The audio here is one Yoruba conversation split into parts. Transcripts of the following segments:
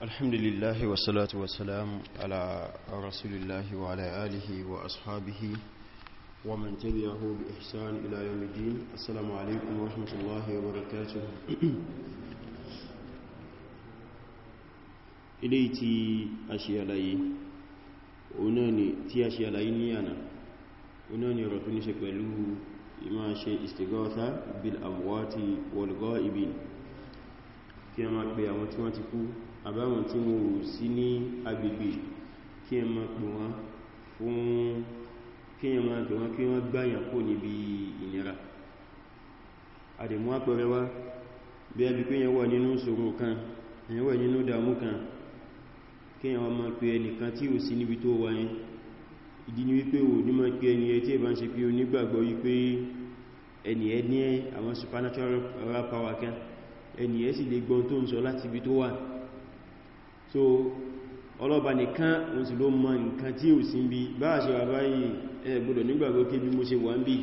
الحمد لله والصلاة والسلام على رسول الله وعلى آله وأصحابه ومن تبعه بإحسان إلى يوم الدين السلام عليكم ورحمة الله وبركاته إلي تي أشياء لي أناني تي أشياء لي نيانا أناني ركني شكله إما شيء استغاثة بالأموات والغائبين كما كبيا وانتواتكو àbáwọn tí wọ́n ò sí ní agbègbè kí ẹ máa pè wọ́n fún kí ẹ máa pè wọ́n kí wọ́n gbáyàn kó níbi ìnira àdèmú àpẹẹrẹ wá bí ẹbí pé yẹn wà nínú ìṣòro kan yẹn wà nínú ìdààmú kan kí ẹ máa pè ẹnìkan tí ò sí níbi tó wà yẹn ìdí ni wípé ò ní máa pè ẹni ẹ tí ẹ bá ń ṣe pé o nígbàgbọ́ wípé ẹni ẹ ní àwọn supernatural power kan ẹni ẹ sì lè gbọ́n tó ń sọ láti ibi tó wà so ọlọ́ba nìkan wọ́n sì ló mọ nǹkan tí ò sí ń bí bá ṣe wà báyìí ẹ gbọ́dọ̀ nígbàgbọ́ kí bí mo ṣe wà ń bí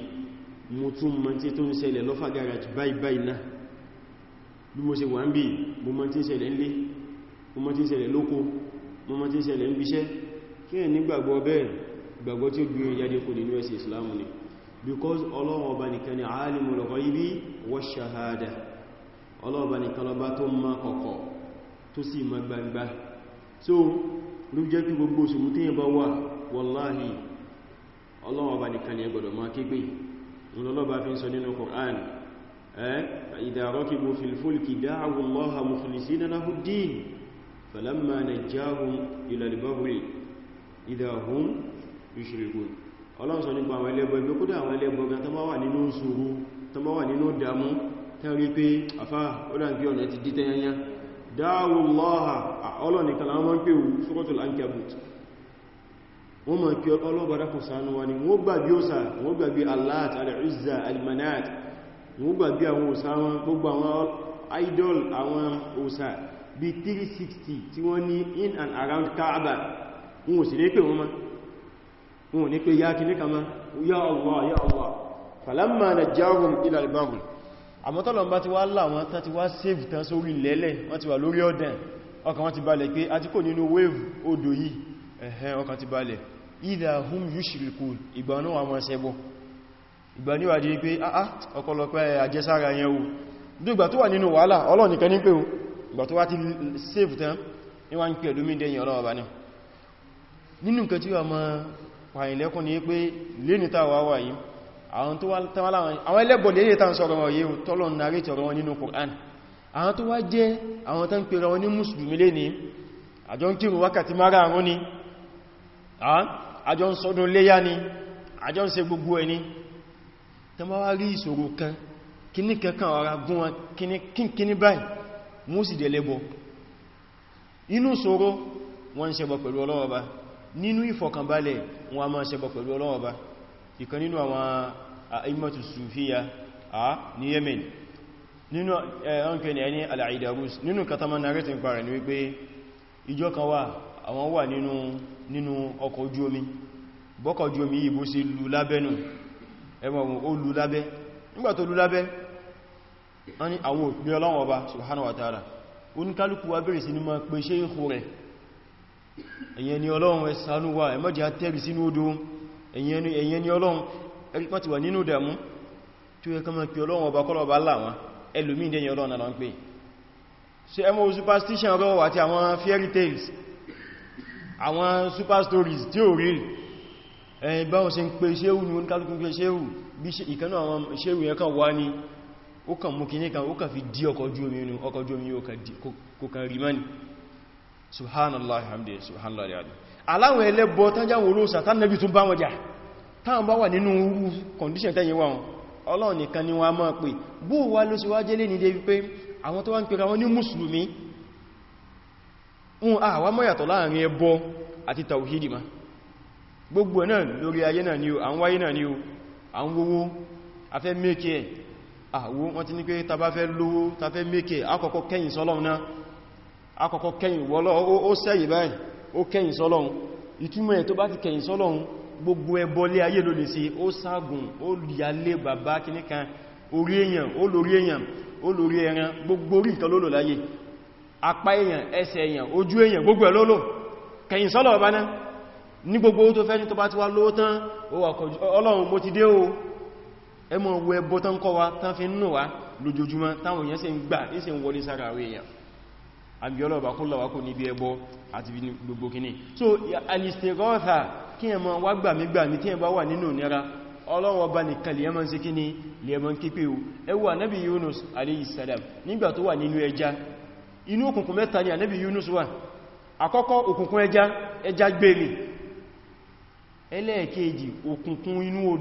mo tún mọ tí tó ń ṣẹlẹ̀ lọ́fà garage báyìí báyìí náà bí mo ṣe wà ń bí mo mọ tí ń ṣẹlẹ̀ ńlé mo mọ tí ń ṣẹlẹ̀ lóko mo mọ because ọlọ́run ọba nìkan ni alimul ghaibi shahada ọlọ́run ọba nìkan lọba kọ̀kọ̀ tó sì mọ́ gbangba so ló jẹ́ kí gbogbo òṣòro tí yẹnbá wà wallahi ọlọ́run ọba nìkan ni ẹgbọ̀dọ̀ máa kégbé ìlọ́lọ́ba fi ń sọ nínú Qur'an idha rakibu fil fulki da'u Allaha mukhlisina lahu ad-din falamma ila al-barri idha hum yushrikun ọlọ́run sọ nípa àwọn ẹlẹ́bọ ẹgbẹ́ kódà àwọn ẹlẹ́bọ gan tó bá wà nínú ìṣòro tó bá wà nínú tẹ́rí pé àfáà ó dà ọ̀nà ti dí tẹ́yẹnyẹn dáwò lọ́ha ọlọ́nìkan láwọn ń pè wù ṣúkọ́tùl ankabut wọ́n ma kí ọlọ́bàdákùn sánú wa ni wọ́n gbàbí òsà wọ́n gbàbí aláàt al'izza almanat wọ́n gbàbí àwọn òsà wọn gbogbo àwọn idol àwọn òsà bí 360 tí wọ́n ní in and around Kaaba wọn ò sì ní pè wọ́n ma wọn ò ní pè yá kìníkà ma ya Allah ya àmọ́tọ́lọ̀n bá ti wá láwọn tán ti wá save tán sórí lẹ́lẹ̀ wọ́n ti wà lórí ọ̀dàn ọkàn wọn ti balẹ̀ pé a ti kò nínú wave odò yìí ẹ̀hẹ́ ọkàn ti balẹ̀ ìdá hum yushrikun ìgbà náà wà máa ṣẹbọ ìgbà ní wà di pé àá ah, ah, ọ̀pọ̀lọpọ̀ àjẹsára yẹn àwọn tó wá tánwàlá àwọn ẹlẹ́bọ̀ lè tán sọ̀rọ̀ wọn yíò tọ́lọ̀ nàrí tọ̀rọ̀ wọn nínú Qur'an àwọn tó wá jẹ́ àwọn tán pèrọ wọn ní mùsùlùmí lè ní àjọ ń kírù wákàtí mara àrún ni àjọ ń sọdún léyá ni àjọ ń ṣe gbogbo ẹni tán bá wá rí ìṣòro kan kíní kankan ọ̀rá gún wọn kíní báyìí mú sì dẹ̀ lẹ́bọ̀ inú ìṣòro wọn ń ìkan nínú àwọn àìmọ̀tù sufiya a ní yemen nínú ọ̀nkẹ́ ni ẹni al'aidarus nínú katama narrative ń parẹ̀ ní wípé ìjọ kan wà àwọn wà nínú ọkọ̀ ojú omi bọ́kọ̀ ojú omi yìí bó sí lù lábẹ́ nù ẹgbọ̀n ó lù ni àwọn òpin ọlọ́wọ́ ọba subhanahu wa ta'ala oníkálùkù wa bẹ̀rẹ̀ sí ní máa pèsè wa ẹ̀mọ́jì á tẹ́rì ẹ̀yẹn ni ọlọ́run ẹ̀rí pọ́n ti wà nínú ìdàmú tí ó yẹ kọmọ pé ọlọ́run ọba kọ́lọ̀ ọba láwọn ẹlòmíì dẹ́yìn ọlọ́run náà ń pè ṣe ẹmọ superstition rọwọ àti àwọn fairy tales àwọn super stories tí ó rí ẹ̀yìn báwọn ṣe ń pè ṣéhù ní oníkálùkù pé ṣéhù bí ìkanú àwọn ṣéhù yẹn kan wá ní ó kàn mú kìíní kan ó kàn fi dí ọkọ̀ ojú omi inú ọkọ̀ ojú omi yóò kàn rí mọ́ni subhanallah alhamdulillah subhanallah alhamdulillah ala ẹlẹ́bọ ele jáwọn olóòsà tán nẹ́bí tún bá wọn jà táwọn bá wà nínú orú kọndíṣẹ̀ tẹ́yìn wọn ọlọ́run nìkan ni wọ́n máa pè bó wá ló sì wá lè ní débi pé àwọn tó wá ń pèrà wọn ní mùsùlùmí ń àwá mọ́yàtọ̀ láàrin ẹbọ ma gbogbo náà lori ó kẹ́yìn sọ́lọ́run ìtumọ̀ ẹ̀ tó bá ti kẹ́yìn sọ́lọ́run gbogbo ẹbọ lé ayé ló lè ṣe ó ságun ó yalé bàbá kìníkan orí èyàn ó lórí èyàn ó lórí ẹran gbogbo orí ìkan lólò láyé apá èyàn ẹsẹ̀ èyàn ojú èyàn gbogbo ẹ̀ lólò kẹ́yìn sọ́lọ̀ ọba náà ní gbogbo tó fẹ́ ní tó bá ti wá lówó tán ọlọ́run mo ti dé o ẹmọ wọ ẹbọ tán kọ́ wa tán fi ń nù wá lójoojúmọ́ táwọn èyàn sì ń gbà ní sì ń wọlé sára àwọn èyàn àbíọ́lọ̀ bá kún lọ́wọ́ kò níbi ẹbọ àti gbogbo kìíní so al-istighatha kí ẹ máa wá gbàmígbàmí tí ẹ bá wà nínú nira Ọlọ́run Ọba nìkan lè ẹmọ́ sí kíní lè ẹmọ́ kípé o ẹ wo Ànábì Yunus alayhi salam nígbà tó wà nínú ẹja inú òkùnkùn mẹ́ta ni Ànábì Yunus wà àkọ́kọ́ òkùnkùn ẹja ẹja gbèrè ẹlẹ́ẹ̀kejì òkùnkùn inú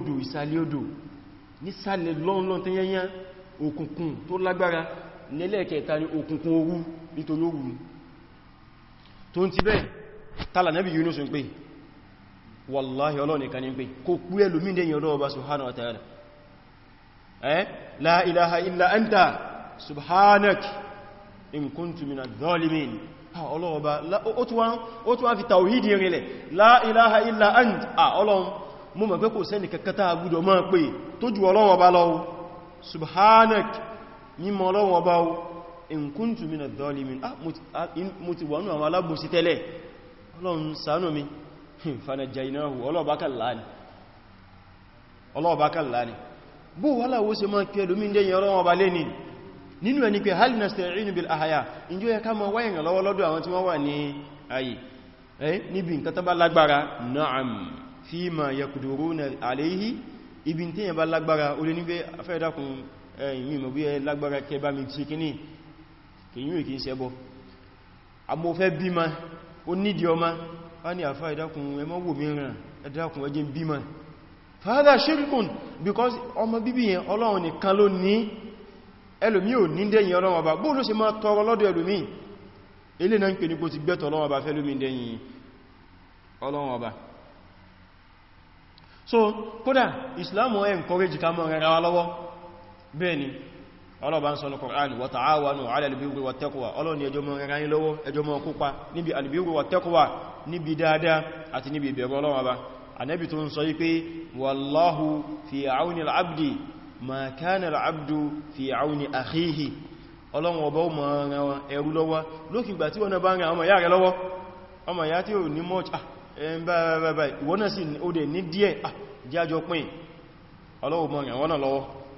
lẹ́lẹ́kẹta ni òkùnkùn orú nítorí orú tó ń ti bẹ́ tààlà nẹ́bí Yunus ń pè wallahi ọlọ́nìkan ní pé kò kú ẹlòmí dẹ̀yìn ọlọ́wọ́ eh la ilaha illa anta subhanak in kuntu min adh-dhalimin ọlọ́wọ́ bá ó tún wá la ilaha illa anta ọlọ́run mú mọ̀ pé kò sẹ́ni kakkata agbúdọ̀ máa pè tó ju subhanak mímọ̀ ọlọ́run ọba o in kuntu mina dhalimin ah, mo ah, mi fanajaynahu ọlọ́ọ̀bá kàlá ni bó wà láwọ́ se máa kí ẹlòmí dẹ́yìn ọlọ́run ọba lẹ́ni nínú ẹni pé hal nasta'inu bil ahya ìjọ ya ká ma wáyìn lọ́wọ́ lọ́dọ̀ àwọn tí wọ́n wà ní ayé níbi nǹkan tó bá lágbára na'am fi ma yakuduruna alayhi ibi tí yẹn bá lágbára olè níbi afẹ́dàkùn ẹ̀yìn mọ̀ bí ẹ lágbára kẹ bá mi ti kíní kìyún ìkí sẹ́bọ̀ àmọ́ fẹ́ ma ó nídi ọmọ afa ní àfá ìdákun ẹmọ́ wò mìíràn ẹdákun ẹjẹ́ bímọ fàádà ṣírìkùn because ọmọ bíbí yẹn ọlọ́run nìkan ló ní ẹlòmí ò ní dẹ̀yìn ọlọ́run ọba bóò ló máa tọrọ lọ́dọ̀ ẹlòmí ilé náà ń pè ní kò ti gbẹ́tọ̀ ọlọ́run ọba ọlọ́run ọba so kódà ìsìlámù ẹ̀ encourage ká mọ́ rẹ̀ bẹ́ẹ̀ni ọlọ́bàá ń sọ ní Kùránì wa ta'awanu 'ala al-birri wat-taqwa ọlọ́ni ẹjọ́ mọ́ rẹ̀ ráyín lọ́wọ́ ẹjọ́ mọ́ kópa níbi al-birri wat-taqwa níbi dáadáa àti níbi ìbẹ̀rù Ọlọ́run Ọba Ànábì tó ń sọ wípé wallahu fi 'awni al-'abdi ma kana al-'abdu fi 'awni akhihi Ọlọ́run Ọba ó mọ́ rẹ̀ ẹrú lọ́wọ́ lókìgbà tí wọ́n bá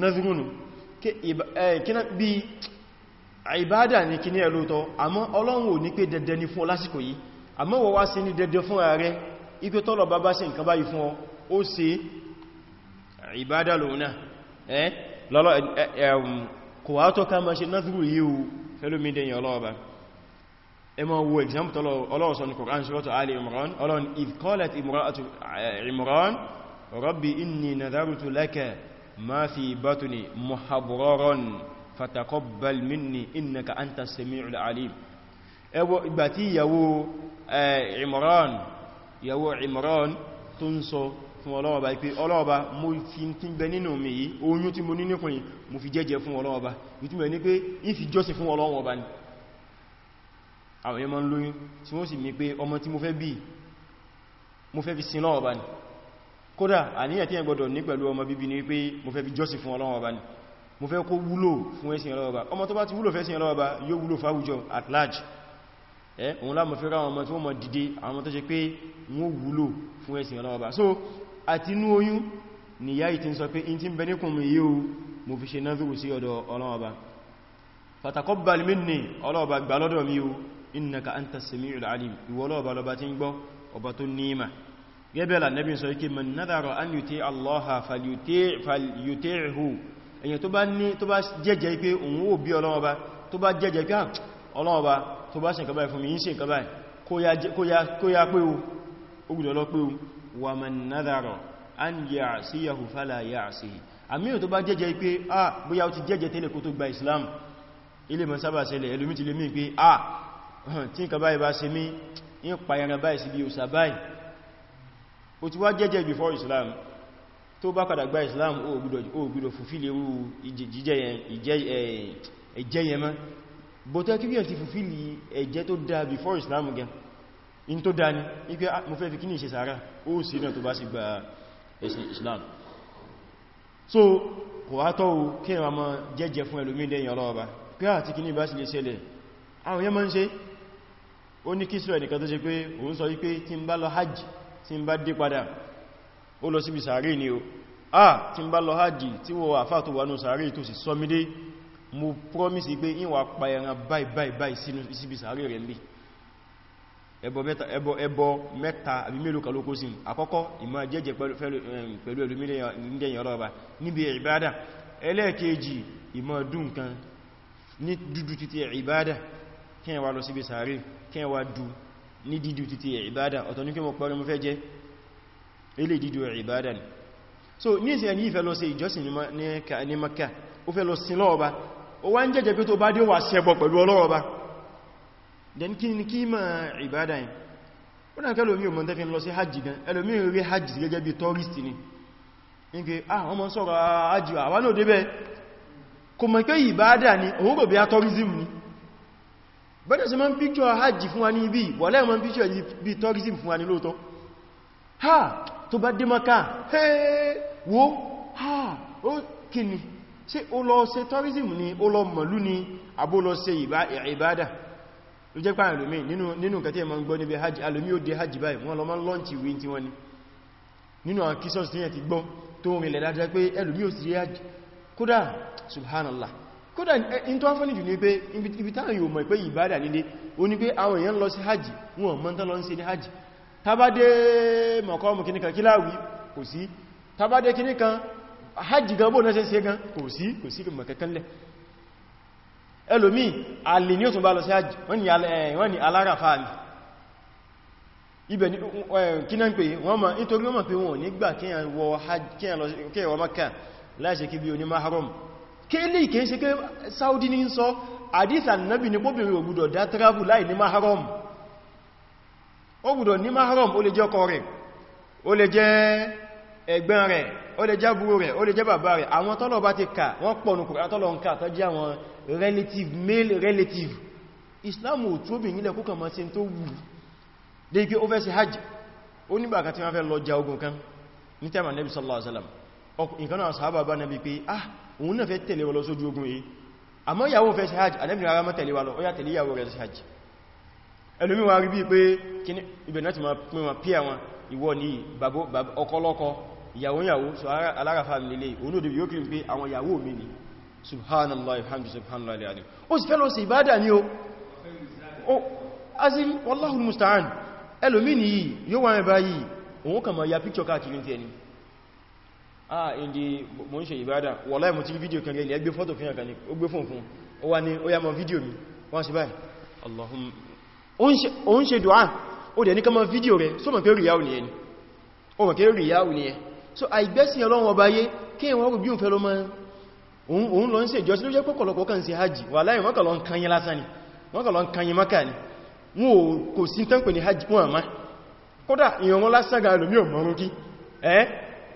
nazirunu bí ìbádà ní kí ní ẹlòótọ́ àmọ́ ọlọ́run ò ní pé dẹ̀dẹ̀ ní fún ọ lásìkò yìí àmọ́ wọ́n wá sí ní dẹ̀dẹ̀ fún ààrẹ ipé tọ́lọ̀ bá bá ṣe nǹkan báyìí fún ọ ó ṣe ìbádà lòun náà ẹ́ lọ́lọ́ um, kò wá tọ́ ká máa ṣe naziru yìí o fẹ́lómídẹ̀yìn ọlọ́run bá ẹmọ wo example ọlọ́run sọ ní Qur'an suratu Ali Imran ọlọ́run idh qalat imra'atu Imran rabbi inni nadhartu laka ما في بطني محضرر فتقبل مني إنك أنت السميع العليم ẹwọ ìgbà tí ìyàwó Imran ìyàwó Imran tó ń sọ fún ọlọ́ọ̀bá ipé ọlọ́ọ̀bá mo fi tí ń bẹ mi yìí oyún tí mo ní nípò mo fi jẹ́jẹ fún ọlọ́ọ̀bá ìtumẹ̀ ní pé ìfi jọ́sìn fún ọlọ́ọ̀bá ni àwọn ẹmọ lóyún tí wọ́n sì mi pé ọmọ tí mo fẹ́ bí mo fẹ́ fi sin ọlọ́ọ̀bá ni kódà àníyàn tí ẹ gbọdọ̀ ní pẹ̀lú ọmọ bíbí ni wípé mo fẹ́ fi jọ́sìn fún Ọlọ́run Ọba ni mo fẹ́ kó wúlò fún ẹ̀sìn Ọlọ́run Ọba ọmọ tó bá ti wúlò fẹ́sìn Ọlọ́run Ọba yóò wúlò fáwùjọ at large ẹ́ òun láàmù Ọba so àti inú ni ìyá yìí ti ń sọ pé in ti ń bẹ níkùn mi yíò mo fi ṣe náfíwò anta sami'ul alim ìwọ Ọlọ́run Ọba lọba ti tó ní gẹ́bẹ̀ alànẹ́bí sọ ikẹ́ mọ̀ nádàrọ̀ an yùtẹ́ allaha falyuti'hu èyàn tó bá ní tó bá jẹ́jẹ́ pé òun ó bí ọlọ́ọba tó bá jẹ́jẹ́ pé ah, ọlọ́ọba tó bá ṣìnkà báyìí fún mi yí ṣìnkà báyìí kó ya pé o gbùdọ̀ lọ pé o wà mọ̀ nádàrọ̀ an ya'siyahu fala ya'sihi àmìyàn tó bá jẹ́jẹ́ pé a ah, bóyá o ti jẹ́jẹ́ tẹ́lẹ̀ ah, bá ṣe mí ń pa báyìí sí bí òsà báyìí ó ti wá jẹ́jẹ́ before Islam tó bá padà gba Islam ó gbọ́dọ̀ fulfill irú ẹ̀jẹ́ yẹn mọ́ bọ̀tẹ́ kí bí ẹ̀ ti fulfill ẹ̀jẹ́ tó dá before Islam gan in tó dá ní wípé ah, mo fẹ́ fi kí ní ìṣe sàárá ó sì náà tó bá sì gba ẹ̀sìn Islam so kò wá tọ́wọ́ kí ẹ̀wà mọ́ jẹ́jẹ́ fún ẹlòmí lẹ́yìn ọlọ́ọ̀bá pé àti kí ní bá sì lè ṣẹlẹ̀ àwọn yẹn mọ́ ń ṣe ó ní kí Israel nìkan tó ṣe pé òun sọ wípé tí ń bá lọ hajj tí ń bá dé padà ó lọ síbi sàárè ni o ah tí ń bá lọ hajji tí wọ́n àfá tó wà ní sàárè tó sì sọmídé mo promise pé ìwà pa ẹran báì báì báì sínú síbi sàárè rẹ̀ lè ẹbọ mẹ́ta àbí mélòó kan ló kó sí àkọ́kọ́ ìmọ̀ jẹ́jẹ́ pẹ̀lú ẹlòmídẹ̀yìn ọlọ́ọ̀bá níbi ìbádà ẹlẹ́ẹ̀kejì ìmọ̀ dùn kan ní dúdú títí ìbádà kí ẹ wá lọ síbi sàárè kí ẹ wá dùn ní dídú títí ìbádà ọ̀tọ̀ ní kí mọ̀ pẹ̀lú mú fẹ́ jẹ́ ilé dídú ìbádà ni so ní ìsìn ẹni ìfẹ́ lọ sí ìjọsìn ní Maka ó fẹ́ lọ sin lọ́ọ̀ba ó wá ń jẹ́jẹ́ pé tó bá dé wà ṣẹbọ pẹ̀lú ọlọ́ọ̀ba ni kí ma ìbádà yìí ó náà kẹ́lò mí ò mọ́ tẹ́fẹ́ lọ sí hajji gan ẹlòmí rí hajji gẹ́gẹ́ bí tọ́rìstì ni nígbé àwọn ah, ọmọ sọ̀rọ̀ hajji àwọn ni òun rò bí a tọ́rìsìm bẹ́ẹ̀ sí ma ń píkṣọ́ hajji fún wa ní ibi wọ́lẹ́ ma ń píkṣọ́ ibi tourism fún wa ní lóòtọ́ ha tó bá dé maka hey wo ha o kíni ṣe ó lọ ṣe tourism ni ó lọ mọ̀lú ni abó lọ ṣe ìbádà ló jẹ́ pàà lómi nínú kàtí ma ń gbọ́ níbi hajji alómi ó dé hajji báyìí wọ́n lọ ma ń lọ́ǹtì wí tí wọ́n ni nínú àwọn kí sọ́ọ̀sì tí yẹn subhanallah kódà in tó fọ́nì jù ní pé ibi táwọn yóò mọ̀ pé ìbádà nílé o ní pé àwọn èèyàn lọ sí hajji wọn mọ́ tán lọ sí ní hajji tàbádé mọ̀kọ́mù kìníkan kíláwì kò sí tàbádé kìníkan hajji gan bó náà ṣe ṣe gan kò sí kò sí mọ̀kẹ́kẹ́lẹ̀ ẹlòmí alì ní ó tún bá lọ sí hajji wọ́n ni alárafa kéèlì kìí ṣe pé Saudi ní sọ hadith annabi ní póbìnrin ògbùdọ̀ dá travel láì ní maharam ògbùdọ̀ ní maharam ó lè jẹ́ ọkọ rẹ̀ ó lè jẹ́ ẹ̀gbọ́n rẹ̀ ó lè jẹ́ àbúrò rẹ̀ ó lè jẹ́ bàbá rẹ̀ àwọn tọ́lọ̀ bá ti kà wọ́n pọ̀nù kùrá tọ́lọ̀ ń kà tọ́ jẹ́ àwọn relative male relative Islam ò tó bìnrin lẹ́kú kan mọ́ sí tó wù dé pé ó fẹ́ sí hajj ó nígbàkà tí wọ́n fẹ́ lọ ja ogun kan ní tẹ́mà nẹ́bí sallallahu alaihi wasallam ìkanáà sàábà bá nẹ́bí ah òun náà fẹ́ tẹ̀lé wọn lọ sójú ogun yìí àmọ́ ìyàwó fẹ́ sí hajj àdẹ́bìnrin ara mọ́ tẹ̀lé wa lọ ó yá tẹ̀lé ìyàwó rẹ̀ sí hajj ẹlòmí wa rí bí pé ibẹ̀ náà ti ma pín wọn pí àwọn ìwọ ní ọkọlọ́kọ ìyàwó ìyàwó so alárafa mi lè òun òdìbí yóò kìí pé subhanallah alhamdu subhanallah alhamdu ó sì fẹ́ lọ o azim wallahul musta'an ẹlòmí ni yìí yóò wà mẹ́bá yìí òun kàn mọ̀ ya ah indi mo ń ṣe ìbádà wallahi mo ti rí fídíò kan rẹ̀ ẹgbẹ́ fọ́tò fíyàn kan ní ó gbé fún fún ó wá ní ó yá mọ fídíò mi wọ́n sí báyìí allahumma ó ń ṣe dùá ó dẹ̀ ní kọmọ fídíò rẹ̀ so mọ̀ pé ríyáwó ni ẹni ó mọ̀ pé ríyáwó ni ẹ so àìgbẹ́sìn ọlọ́run ọba yé kí wọ́n rò bí òun fẹ́ lọ mọ́ òun lọ ń ṣe ìjọsí ló jẹ́ pọ́kọ̀lọpọ̀ kan sí hajji wallahi wọ́n kàn lọ ń kanyin lásán ni wọ́n kàn lọ ń kanyin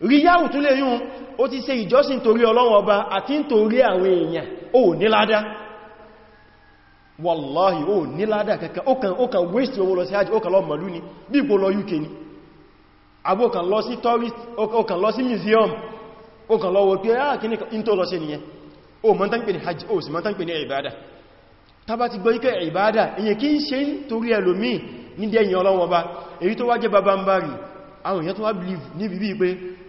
ríyáwù tún lè yún ó ti ṣe ìjọsìn torí ọlọ́run ọba àti ń torí àwọn èèyàn ó ní ládá wallahi ó ní ládá kankan ó kàn waste owó lọ sí hajj ó kàn lọ mọ̀lú ni bí ipò lọ UK ni abó lọ tourist ó kàn lọ sí museum ó kàn lọ wọ pé á ah, kí ní tó lọ sí nìyẹn ó mọ́ tán pè hajj ó sì ń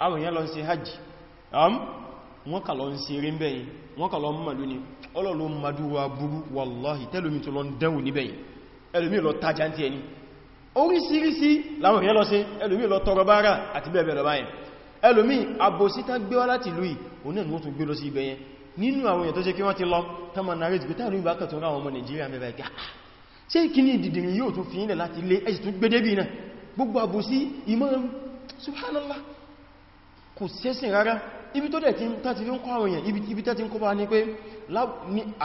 àwọn èèyàn lọ sí hajj wọ́n kà lọ sí eré bẹ́yìn wọ́n kà lọ mọ̀lú ni ọlọ́lọ́ madúwà burú wallahi tẹ́lómi tó lọ ń dẹ́wò níbẹ̀yìn ẹlòmí lọ tajà tí ẹni oríṣiríṣi láwọn èèyàn lọ sí ẹlòmí lọ tọrọ bára àti bẹ́ẹ̀ lọ báyẹn ẹlòmí àbòsítà gbé wá láti lùí òun náà ni wọ́n tún gbé lọ sí ibẹ̀yẹn nínú àwọn èèyàn tó ṣe kí wọ́n ti lọ tọ́mọ narrative pé táàrí ìbákan tó ráwọn ọmọ Nàìjíríà mẹ́fà ìgbà ah, ṣe kí ní ìdìdìrìn yóò tún fi ilẹ̀ subhanallah kò sẹ́sìn rárá ibi tó dẹ̀ tí tàti fi ń kọ́ àwọn èèyàn ibi tẹ́ ti ń kó bá ní pé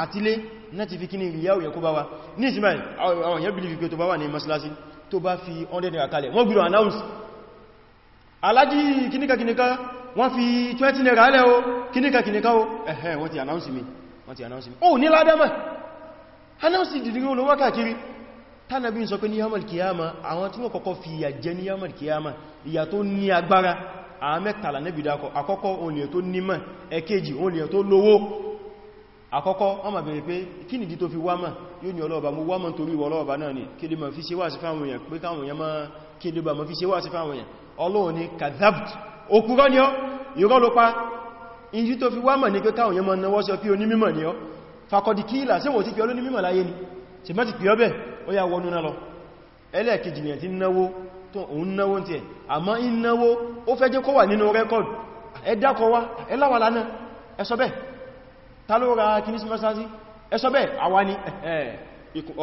àtílé náà ti fi kí ní ìrìyà òyìn kó bá wa ní ìsinmi àwọn èèyàn bìlìfì pé tó bá wà ní masalasi tó bá fi 100 naira kalẹ̀ wọ́n gbìrò announce alájí kíníkà o kíníkà kíníkà o ẹ̀hẹ́ wọ́n ti announce mi wọ́n ti announce mi ó ní ládẹ́mà announce ìdìdìrí olówó káàkiri tánàbí ń sọ pé ní yamal kiyama àwọn tí wọ́n kọ́kọ́ fi àwọn mẹ́tàlá nẹ́bì dákọ̀ àkọ́kọ́ òun lè tó nímọ̀ ẹ̀kejì òun lè tó lówó àkọ́kọ́ wọ́n ma bèèrè pé kí nìdí tó fi wámà yóò ní ọlọ́ọ̀bá mú wámà torí ọlọ́ọ̀bá náà ni kí lè ma fi ṣe sí fáwọn èèyàn pé káwọn èèyàn máa kí lè ma fi ṣe sí fáwọn èèyàn pa injú tó fi wámà ní pé káwọn èèyàn máa náwọ́ sí ọ pé onímímọ̀ ni ọ́ fakọdì kíìlà sí wọ́n ti pẹ́ olónímímọ̀ láyé ni ṣe má tó òun náwó tí ẹ̀ àmọ́ ìnáwó ó fẹ́ jẹ́ kó wà nínú rẹ́kọ̀d ẹ̀dàkọ̀ wá ẹláwà lánà ẹsọ́bẹ̀ ta ló ra kìní sí mọ́sánsí ẹsọ́bẹ̀ àwa ni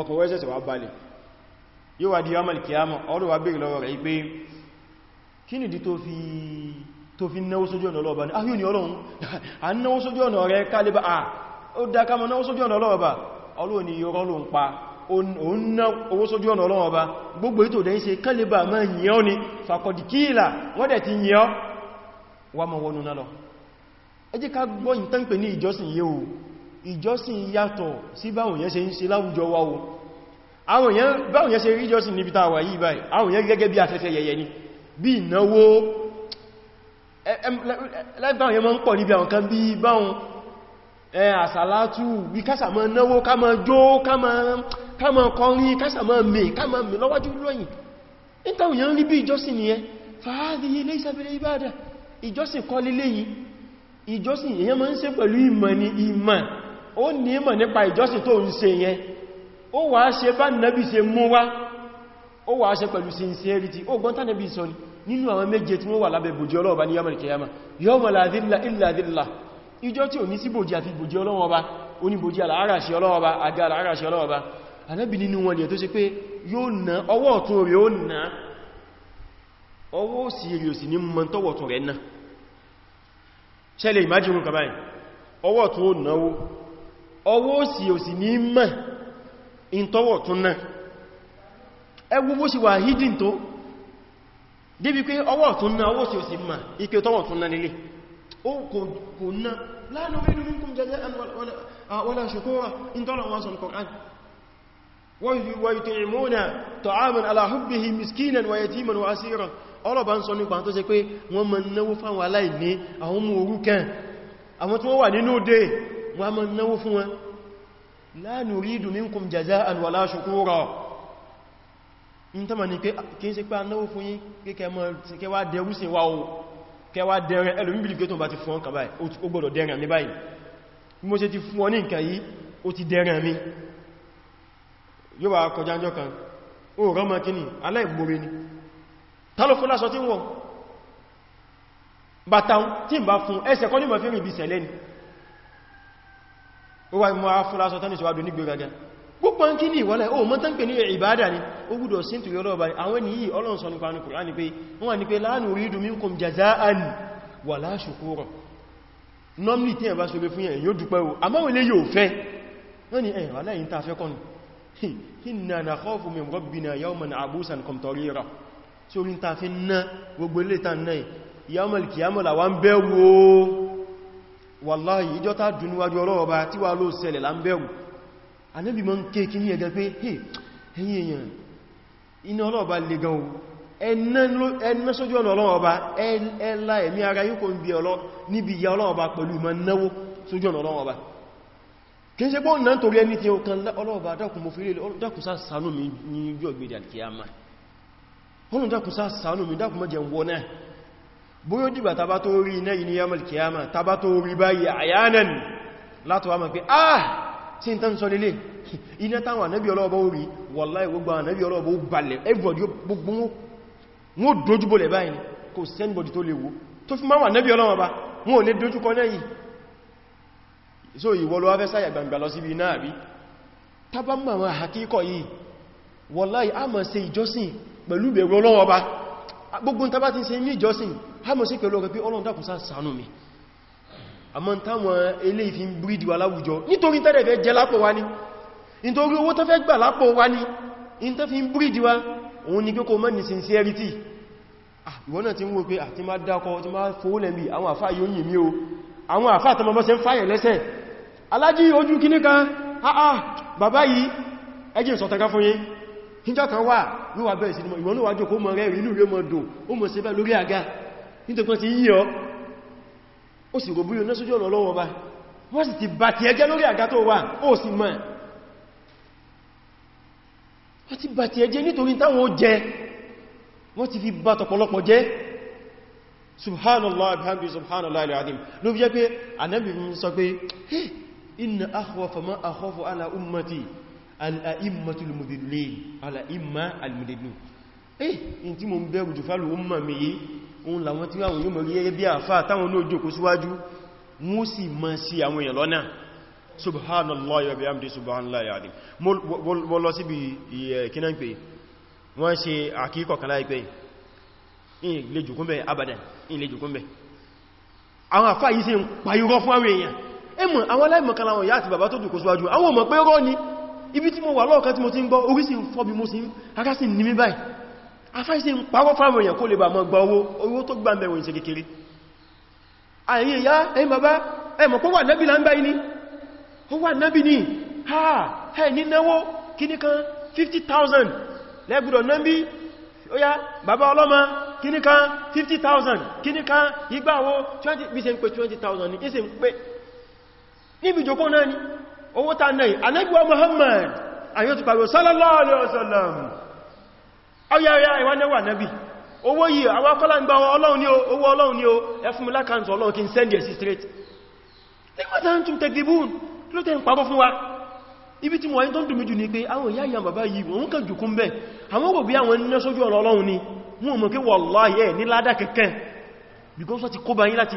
ọkùnrin ẹsẹ̀sẹ̀ wà balẹ̀ yóò wà di amal kiyama ọlọ́ wà bèèrè lọ́wọ́ rẹ̀ pé kí nìdí tó fi náwó sójú ọ̀nà ọlọ́ọ̀bá ah, a náwó sójú ọ̀nà rẹ̀ kálíbà ah, ó dá ká mọ́ náwó òun owó sójú ọ̀nà ọlọ́wọ́ ọba gbogbo ètò dẹ̀ ń ṣe kán lè bà máa yìn ọ́ ni fàkọ̀dì kíìlà wọ́n dẹ̀ ti yìn ọ́ wà mọ̀ wọnú náà lọ ẹ jẹ́ ká gbọ́ ìtàn pè ní ìjọsìn yé o ìjọsìn yàtọ̀ sí báwọn yẹn ṣe ń ṣe láwùjọ a wà yìí báyìí àwọn yẹn gẹ́gẹ́ bí afẹ́fẹ́ yẹyẹ ni bí àsàlátù bí kásà mọ́ náwó ká mọ́ jó ká mọ́ káàmà kọrin kásàmà me. káàmà mẹ́ lọ́wájú lọ́yìn nítàwọn yẹn rí bí ìjọsìn nìyẹn fàáàdì ilé ìsàbẹ̀lẹ̀ ìbádà ìjọsìn kọ́ lílé yìí ìjọsìn èyàn máa ń ṣe pẹ̀lú ìmọ̀ ni ìmọ̀ ó ní ìmọ̀ nípa ìjọsìn tó ń ṣe yẹn ó wà á ṣe bá nàbí ṣe mú wá ó wà á ṣe pẹ̀lú sincerity ó gbọ́n tánàbí sọ ni nínú àwọn méje tí wọ́n wà lábẹ́ bòjì ọlọ́ọ̀bá ní yamal kiyama yawma la dhilla illa dhillah ìjọ tí ò ní sí bòjì àti bòjì ọlọ́wọ́ ọba oníbòjì àlàáràṣì ọlọ́wọ́ ọba àga àlàáràṣì ọlọ́wọ́ anábì nínú wọn yẹ tó ṣe pé yóò na ọwọ́ ọ̀tún rẹ̀ ó na ọwọ́ sí rí òsì ní mọ́ tọwọ́ ọ̀tún rẹ̀ náà ṣẹlẹ̀ ìmájìmù kàbáyìn ọwọ́ ọ̀tún ó náwó ọwọ́ sí òsì ní mọ́ in tọwọ́ ọ̀tún náà ẹgbú bó ṣe wà hídìn tó débi pé ọwọ́ ọ̀tún náà ọwọ́ òsì ike tọwọ́ ọ̀tún náà nílé ó kò ná láàrín orílẹ̀ in ويطعمون طعاما على حبه مسكينا ويتيما واسيرا ọlọ́bà ń sọ nípa tó ṣe pé wọ́n máa náwó fáwọn aláìní àwọn ọmọ òrukàn àwọn tí wọ́n wà nínú òde wọ́n máa náwó fún wọn la nuridu minkum jaza'an wala shukura ń tọ́mà ní kí ṣe pé náwó fún yóò wà kọjá ọjọ́ kan o rán ma kíní aláìgbóre ni tálọ́fún lásọ tí wọ́n bàtà tí ń bá fún ẹsẹ̀ kọ́ ní mọ̀ fíìrì ibi sẹ̀lẹ́ ni ó wà mọ́ fún lásọ tánì síwádò ní gbéraga púpọ̀ kíní ìwọlẹ̀ o mọ́ pè ní ìbádà ni ó gúdọ̀ sí nítorí ọlọ́ọ̀bá àwọn ènìyàn Ọlọ́run sọ nípa Kùránì pé wọ́n ni pé la nuridu minkum jaza'an wala shukura normally tí ẹ̀ bá ṣe gbé fún yẹn yóò dúpẹ́ o àmáwọn ilé yóò fẹ́ wọ́n ni ẹ̀rọ aláìyíntà fẹ́kọ́nù inna na khafu min rabbina yawman abusan qamtarira so rin ta fi na gbogbo ilé ta náà yawmal qiyamah la wá ń bẹ̀rù wallahi ìjọ ta dúnúwájú ọlọ́wọ́ bá tí wà ló ṣẹlẹ̀ la ń bẹ̀rù anábì mọ́ ń ké kí ní ẹgbẹ́ pé ẹ̀yìn èèyàn iná ọlọ́ọ̀bá lè gan ẹ̀nà sójú ọ̀nà ọlọ́ọ̀bá ẹ̀lá ẹ̀mí ara yíkò ń bí kìí ṣe pọ́n náà torí ẹni tí ó kan ọlọ́ọ̀bá dákùn mo fílé dákùn sá sánú mi ní yóò gbé ìdàkìyàmá ọlọ́n dákùn sá sánú mi dákùn mọ́ jẹun wọ́nà bóyó dìgbà tàbá tó rí iná yìí ní yamalkiyama tàbá tó rí báyìí àyánàn látọ̀ ah tí n tán sọ lélé iná táwọn ànábí ọlọ́ọ̀bá orí wàláì gbogbo ànábí everybody gbogbo wọn dojúbọlẹ̀ báyìí kò sẹ́nbọ̀dì tó léwu tó fi máa wà ànábí ọlọ́ọ̀bá wọn ò lè so ìwọ ló wá fẹ́ sáyà gbangba lọ síbi náà rí tàbá mọ̀ àwọn àkíkọ̀ yìí wọ́láì a mọ̀ ṣe ìjọsìn pẹ̀lú bẹ̀rù Ọlọ́run Ọba gbogbo tàbá ti ṣe ní ìjọsìn a mọ̀ sí pẹ̀lú ọ̀rẹ́ pé Ọlọ́run dákun ṣàánú mi àmọ́ táwọn eléyìí fi ń bírídì wa láwùjọ nítorí tẹ́lẹ̀ fẹ́ jẹ lápò wa ní nítorí owó tó fẹ́ gbà lápò wa mọ́ ní ah, ń wo ah, lẹ́sẹ̀ alájí ojú kíní kan àà ah, ah, bàbá yìí ẹjí ìsọ̀tẹ̀ká fún yín níjọ́ kan wà níwà bẹ́ẹ̀ sí ìwọ̀n níwà jòkó mọ̀ rẹ̀ inú rẹ̀ mọ̀ dùn ó mọ̀ sí bẹ́ lórí àga nítorí ti yí ọ ó sì rògbúrò ní sójú ọ̀nà lọ́wọ́ bá wọ́n sì ti bà ti ẹjẹ́ lórí àga tó wà subhanallah alhamdulillah subhanallah alazim ló fi jẹ́ pé anábì sọ pé inna akhwafa ma akhafu ala ummati al-a'immatul mudillin al-a'imma al-mudillin eh in tí mo bẹ̀rù jù falu umma mi yi on la wọn tí àwọn yo mo rí gẹ́gẹ́ bí àfáà táwọn no jókòó síwájú mu sì ma sí àwọn èyàn lọ́nà subhanallahi wa bihamdi subhanallahi alim mo lọ sí bi eh, kinan pe wọ́n ṣe akiko kan lai pe in lè jókòó ńbẹ̀ abadan in lè jókòó ńbẹ̀ àwọn àfáà yìí ṣe ń pa irọ́ fún àwọn èyàn ẹmọ̀ àwọn aláìmọ̀kan láwọn ìyá àti bàbá tó dùkó síwájú àwọn ọmọ pé rọ́ ni ibi tí mo wà lọ́ọ̀kan tí mo ti ń gbọ́ orí sí ń fọ́ bí mo sí ń ara sí ní mí báyìí afáì sí ń parọ́ fáwọn èèyàn ha ẹ̀ ní náwó kíní kan 50,000 lẹ́gbùdọ̀ nábì ó yá bàbá ọlọ́mọ kíní kan 50,000 kíní kan ìgbàwó 20 bí ṣe ń pé 20,000 ní ìsìn pé níbi ìjòkó náà ni owó ta náà Ànábì Muhammad àyíò ti pàwẹ̀ sallallahu alaihi wasallam ọyáyá ìwánẹ́wà náàbì owó yìí àwọn akọ́lá ń gba ọlọ́run ní o ẹfúnmílá kàǹtọ̀ ọlọ́run kí n sẹ́ndì ẹ̀sì straight nígbàtà ń tún tẹ̀gbìbùn ló tẹ́ ń pàbọ́ fún wa ibi tí wọ́n tó ń dùn méjì ní pé àwọn ìyá ìyá bàbá yìí wọ́n kàn jùkún bẹ́ àwọn òbí àwọn iná sójú ọ̀rọ̀ ọlọ́run ni wọ́n mọ̀ kí wallahi ní ládá kẹ̀kẹ́ because wọ́n ti kó bá yín láti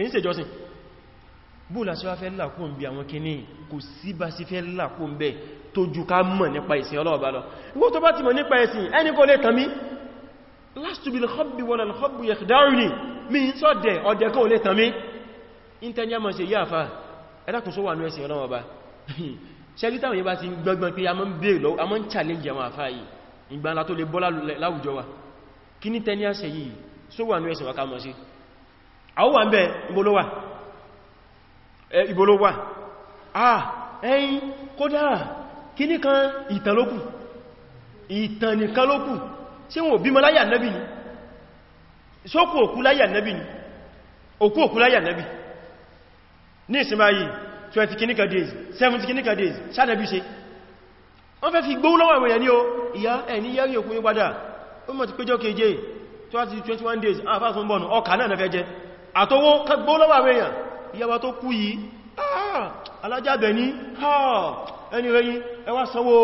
kìí ṣe jọsìn búlá sí wá fẹ́ làkó ń bí àwọn kìíní kò sí bá sí fẹ́ làkó ń bẹ́ tó ju ká mọ̀ nípa ìsìn ọlọ́ọ̀bá lọ ìwọ́ tó bá ti mọ̀ nípa ìsìn ẹni kò lè tàn mí lastu bil khabbi wala al khabbu yakhda'uni mi sọ dẹ̀ ọdẹ kò lè tàn mí ìntẹni àmọ́ ń bèèrè àwọ́wà ń bẹ́ ìbólówà ìbólówà ah ẹ̀yìn kódà kí ní kan ìtàn lókù ìtàn nìkan lókù tí wọ́n bímọ láyà nẹ́bì ni sókù òkú láyà nẹ́bì ni òkú òkú láyà nẹ́bì ní ìsinmi ayé 20 kìníkà days 70 kìníkà days sádẹ́bí ṣe wọ́n o ìyá ẹni yẹ́rí òkú ní padà ó mọ̀ ti péjọ́ days àfáàsùn bọ̀nù ọkà na fẹ́ jẹ́ àtọwọ́ kagbó lọ́wà wẹ́yàn ìyàwó tó kú yìí ah, alájábẹ̀ ní ah, ẹni rẹ̀yìn ẹwà sanwó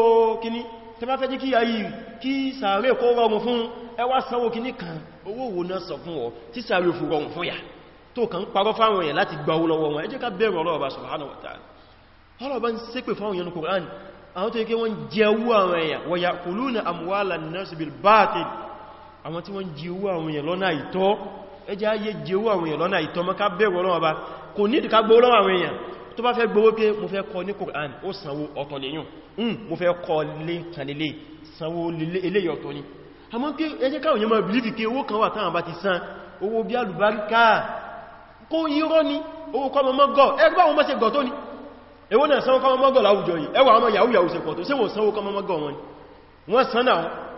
kíní tẹ bá fẹ́ jí kí ayì kí sàárè kó rọrùn fún ẹwà sanwó kíní kan owó wo náà sọ fún ọ tí sàárè fún rọrùn fún yà tó kàn parọ́ fáwọn èèyàn láti gba owó lọ́wọ́ wọn ẹ jẹ́ ká bẹ̀rọ ọlọ́ọ̀bá subhanahu wa ta'ala ọlọ́ọ̀bá ń ṣépè fáwọn ẹjẹ́ ayé jẹ owó àwọn èèyàn lọ́nà ìtọ́mọ́ ká bẹ̀rọ lọ́wọ́ bá kò ní ìdíká gbọ́ lọ́wọ́ àwọn èèyàn tó bá fẹ́ gbowó pé mo fẹ́ kọ ní Qur'an ó sanwó ọ̀tọ̀ lèyàn hmm, mo fẹ́ kọ lé kanlélé sanwó eléyìí ọ̀tọ̀ ni àmọ́ pé ẹjẹ́ káwọn yẹn máa bìlífì pé owó kan wà táwọn bá ti san owó bí alùbáríkà kó irọ́ ni owó kọ́ mọ́mọ́ gọ́ ẹgbẹ́ àwọn mọ́sẹ̀ gọ́ tó ni ewó náà sanwó kọ́ mọ́mọ́ gọ́ láwùjọ yìí ẹwà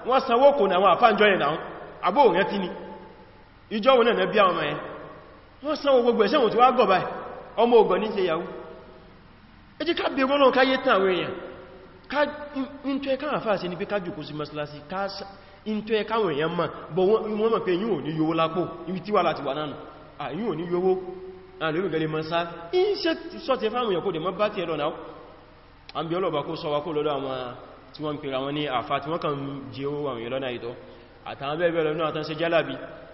wọ́n sanwó kò náà àwọn àfáàjọ́ yẹn náà àbó ni ìjọ wọn náà bí àwọn ẹ̀ wọ́n sanwó gbogbo ẹ̀ṣẹ́ wọn tí wá gọ̀bá ọmọ ogun ní ṣe yàwó ẹ jẹ́ ká bèèrè náà káyé tàn àwọn èèyàn ká ìntọ́ ẹ̀ká àfáà sí ní pé ká jùkú sí mọ́sílásí ká ìntọ́ ẹ̀ká àwọn èèyàn ma bọ̀ wọ́n mọ̀ pé yíò ní yówó lápò ibi tí wà láti wà náà àyíò ní yówó àlórí gẹ̀lẹ́ mọ́ sá ń ṣe sọ́tẹ̀ fáwọn èèyàn kó dẹ̀ mọ́ bá ti wọ́n pèrè àwọn ní àfáà tí wọ́n kàn jẹ́ owó àwọn èèyàn ìtọ́ àtàwọn bẹ́ẹ̀ bẹ́ẹ̀ lọ́nà jálàbí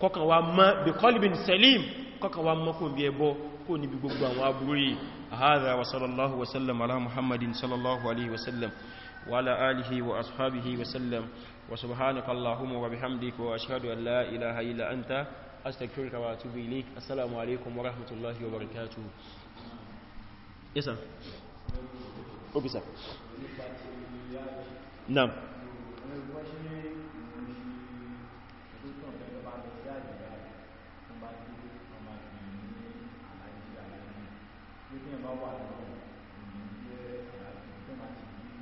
kọkàn wa mọ́ bí kọlìbìn salim kọkàn wa mọ́ kò bí ẹbọ kò níbi gbogbo àwọn aburú hadha wa sallallahu wasallam ala muhammadin sallallahu alaihi wasallam wa ala alihi wa ashabihi wasallam wa subhanaka wa bihamdika wa ashhadu an la ilaha illa anta astaghfiruka wa atubu ilayk assalamu alaikum wa rahmatullahi wa barakatuh yesa obisa naam pé bí ẹ bá wà nínú ìyẹn jẹ́ àlàyé tó máa ti ní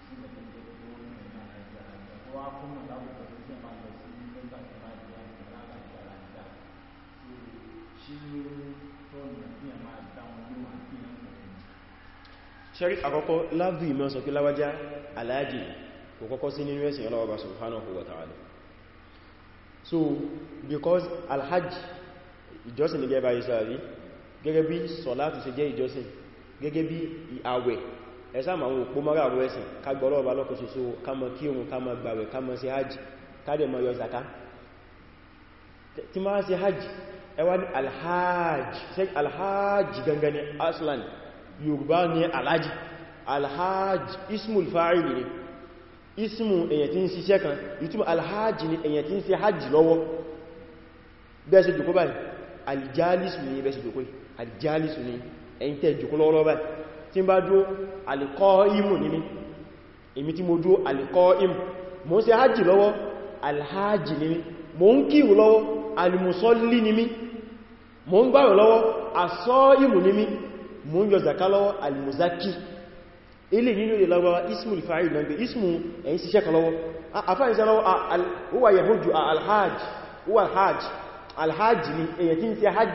ìsìnlẹ̀ tó jẹ́ tó ní ẹ̀yìn àlàyé àlàyé tó wá kó mọ̀ láwùjọ tó jẹ́ máa ṣẹ́rí àkọ́kọ́ lábí ìmọ̀ sọ pé láwájá aláàjì kò kọ́kọ́ sí nínú ẹ̀sìn ọlọ́wọ́ bá subhanahu wa ta'ala so because alhajj ìjọsìn ní gẹ́bà yìí sáàrí gẹ́gẹ́ bí sọ̀láàtì ṣe jẹ́ ìjọsìn gẹ́gẹ́ bí àwẹ̀ ẹ̀sàmà àwọn òpó mara àwọ̀ ẹ̀sìn ká gbọ́ Ọlọ́run Ọba lọ́kan ṣoṣo ká máa kírun ká gbàwẹ̀ ká máa hajj ká dẹ̀ yọ zaka tí máa ṣe hajj ẹwà ní alhajj ṣe gangan ni aslan yorùbá ni alhaji alhajj ismul fa'ili ni ismu èyàn tí ń ṣiṣẹ́ kan ìtumọ̀ alhajj ni èyàn tí ń ṣe hajj lọ́wọ́ bẹ́ẹ̀ ṣe jòkó báyìí aljalisu ni bẹ́ẹ̀ ṣe jòkó yìí àjálìsù ni ẹ̀yin tẹ́ jùkú lọ́wọ́lọ́ báyìí tí ń bá dúó alìkọ́ìmù nínú èmi tí mo dúó alìkọ́ìmù mo ń ṣe hajji lọ́wọ́ alhaji nínú mo ń kíhù lọ́wọ́ alìmùsọ́lì nínú mo ń gbáyọ̀ lọ́wọ́ asọ́ìmù nínú mo ń yọ zaka lọ́wọ́ alìmùzaki ilé nínú ilẹ̀ lọ́wọ́ ismù ìfàáyì lọ́gbẹ̀ ismù ẹ̀yìn síṣẹ́ kan lọ́wọ́ afáìsẹ́ lọ́wọ́ huwa yahudu alhaji alhaji ni èyàn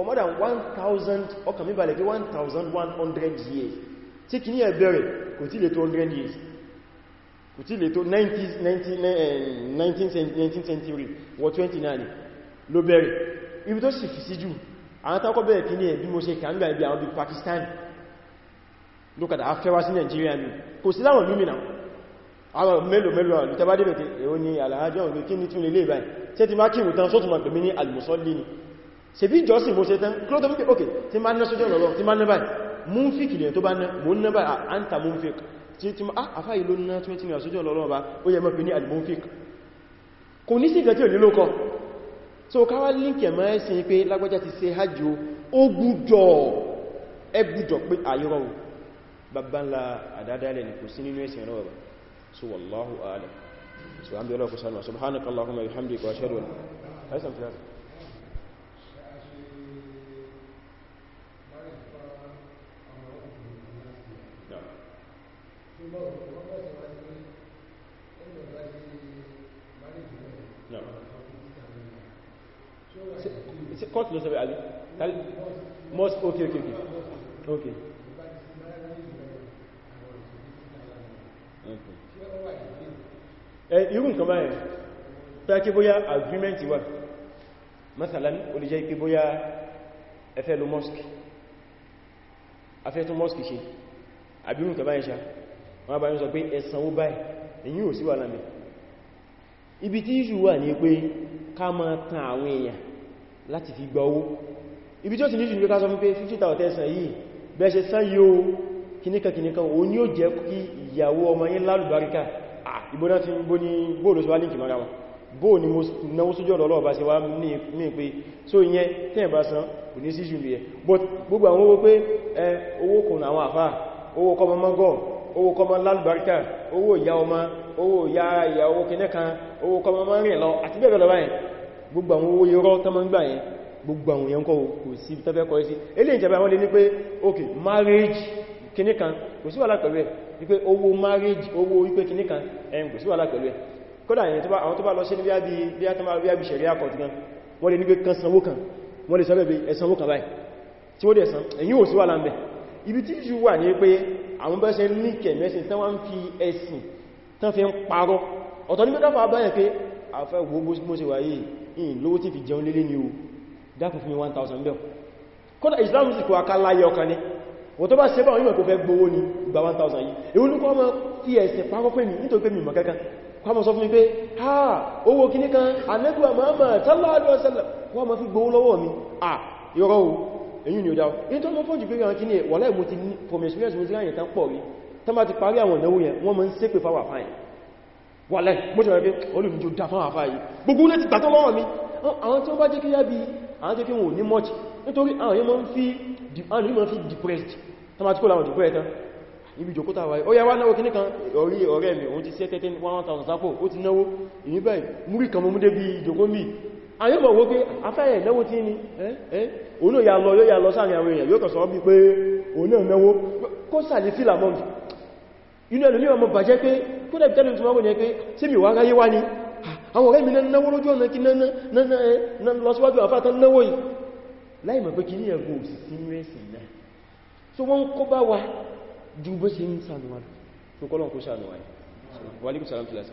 for more than 1000 ọkàn mi balẹ̀ pé 1100 years tí kì ní ẹ̀bẹ̀rẹ̀ kò tí lè tó 100 years kò tí lè tó 19th eh, century wọ 29 ló bẹ̀rẹ̀ ibi tó sì fi sí jù àwọn tákọ́ bẹ̀rẹ̀ kì ní ẹ̀bí mo ṣe kàńgbà ibi àwọn bí Pakistan lókàtà afẹ́wá sí Nigeria ni kò sí láwọn lúmìnà àwọn mélòó mélòó àwọn ìtẹ́bádẹ́bẹ̀ tí ni alàájọ́ òwe kí ní tún lè lè báyìí tí ti má kí ìwòtán sótùmọ̀ pẹ̀mí ní alìmùsọ́lì se ṣe bí ìjọsìn mo ṣe tán kí ló tó wípé ok tí ma ná sójú ọ̀rọ̀ tí ma ná báyìí múnfíkì lè tó bá ná mo ná báyìí àǹtà múnfík tí tí ma ah, àfá ìlú ná 20 mil sójú ọ̀rọ̀ bá ó yẹ mọ́ fi ní àdìmúnfík kò ní sí ìgbàtí òní ló kọ so káwà líǹkì ẹ̀mọ́ ẹ̀sìn pé lágbájá ti ṣe hajj ó gbúdọ̀ ẹ gbúdọ̀ pé o bàbá ńlá àdádálẹ̀ ni kò sí nínú ẹ̀sìn ọ̀rọ̀ bá so wallahu a'lam so an bi ọlọ́kùsánà subhanakallahumma bihamdika wa ashhadu an la ilaha illa anta kọ́tù ló sọ́bẹ̀ àbí ok okay okay okay okay okay eh, irú nǹkan báyẹ̀ pẹ́ kí bóyá agreement wà masalan olùjẹ́ ikú bóyá ẹfẹ́ lo mosque afẹ́ tó mosque ṣe àbí irú nǹkan báyẹ̀ ṣáà wọ́n bá ń sọ pé ẹ̀sànwó báyìí èyí ò sí wà lámẹ́ ibi tí ìṣù wà ní pé ká ma tan àwọn èèyàn láti fi gba owó ibi tí ó ti ní ìṣù ní ká sọ fún pé 50,000 ẹ̀sàn yìí bẹ́ẹ̀ ṣe sán yóò kìníkà kìníkà o ní ó jẹ́ kí ìyàwó ọmọ yín lálùbáríkà ìbóná ti mo náwó sójú ọ̀dọ̀ ọlọ́ọ̀bá sí wá so ìyẹn tẹ́ẹ̀ bá san but gbogbo àwọn owó pé owó kùnà àwọn àfáà owó kọmọmọ́gọ́ owó kọmọ lálùbáríkà owó ìyá ọmọ owó ìyá ìyàwó kìnnẹ́kan owó kọmọ mọ́rin lọ àti bẹ́ẹ̀ lọ báyìí gbogbo àwọn owó irọ́ tán mọ́ ń gbà yẹn gbogbo àwọn èèyàn kọ́ kò sí tẹ́fẹ́ kọ́ sí ilé ìjẹba wọ́n lè ní pé ok marriage kìnnìkan kò sí wàhálà pẹ̀lú ẹ̀ wípé owó marriage owó wípé kìnnìkan ẹn kò sí wàhálà pẹ̀lú ẹ̀ kódà àwọn tó bá lọ sí ní bí a tánmà bí a bí ṣẹ̀ríà kọ̀tù gan wọ́n lè ní pé kan sanwó kan wọ́n lè sọ bẹ́ẹ̀ ẹsanwó kan báyìí tí ó dẹ̀ san ẹ̀yìn ò sí wàhálà ń bẹ̀ ibi tí ìṣù wà ní pé àwọn bẹ́ẹ̀ ṣe níkẹ̀ mẹ́sìn tán wọ́n fi ẹ̀sìn tán fi ń parọ́ ọ̀tọ̀ ní mẹ́ta fà báyẹ̀ pé afẹ́ gbogbo mo ṣe wáyé in lówó tí fi jẹun lélé ni o dákùn fún mi 1000 Islam sì kò aká láyé ọkàn ni wọ́n tó bá ṣe bá onímọ̀ kò fẹ́ gbowó ni gba 1000 yìí èwo ní kọ́ mọ́ fi ẹ̀sìn parọ́ pé ha owó kìíní kan anẹ́gbà mọ́mọ́ sallallahu alaihi wasallam wọ́n mọ́ fi gbowó lọ́wọ́ mi ah ìrọ̀ èyí ni ó dáwọ́ in tó mọ́ fọ́jù pé wọn kí ní wọ́lá ìmú ti ní from experience mo ti láyìn tán pọ̀ rí tán bá ti parí àwọn ìnáwó yẹn wọ́n mọ́ ń ṣépè fáwà fáyìn wọ́lá mo ti rẹ̀ pé olùmìjò dá fáwà fáyìn gbogbo ní ti gbà tán lọ́wọ́ mi àwọn tí ó bá jẹ́ kí yá bí àwọn tó kí wọn ò ní much nítorí àwọn yẹn mọ́ ń fi àwọn yẹn mọ́ ń fi depressed tán bá ti kó láwọn depressed tán ibi jòkótà wáyé ó yá wá náwó kíníkan orí ọ̀rẹ́ mi òun ti sí 1000 sápò ó ti mi àyíkọ̀ wó pé afẹ́yẹ̀ náwó tí ní òun náà yà lọ yóò yà lọ sáàrin àwọn èèyàn yóò kọ̀ sọ bí pé òun náà náwó kó sàlì fílà mọ́ inú ẹlùmí ọmọ bàjẹ́ pé kó dẹ̀ tẹ́lù tí wọ́n ní pé tí mi wá ráyé wá ní ah, àwọn ọ̀rẹ́ mi náwó lójú ọ̀nà kí lọ síwájú àfáàtán náwó yìí láì mọ̀ pé kí ní ẹgbò òsìsí mẹ́sìn náà so wọ́n kó bá wa ju bó ṣe ń sànúwà tó kọ́lọ̀ kó sànúwà wà ní kò sàrán fìlàsì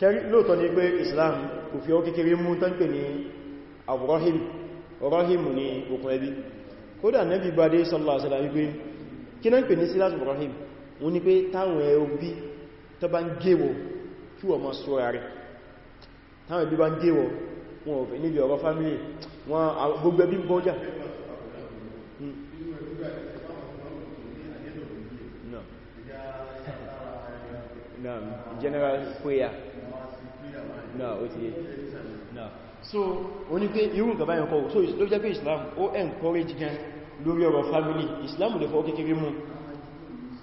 ṣẹ́rí lóòtọ́ ní pé Islam kò fi ó kékeré mú tán pè ní àwọ̀rọ̀hìm ọ̀rọ̀hìmù ní okùn ẹbí kódà nẹ́bí bá dé sọ́lọ́ àṣẹ́lá wípé kí náà pè ní sílá ọ̀rọ̀hìm wọ́n ní pé táwọn ẹbí tó bá ń gẹ́wọ̀ kí wọ́n mọ́ sọ́ra rẹ̀ táwọn ẹbí bá ń gẹ́wọ̀ wọn òfin níbi ọ̀rọ̀ fámílì wọn gbogbo ẹbí gbọ́n jà general prayer náà ó ti yé so o ní pé irú nǹkan báyìí kọ́ so ló jẹ́ pé Islam ó encourage gan lórí ọ̀rọ̀ family Islam lè fọ́ kékeré mú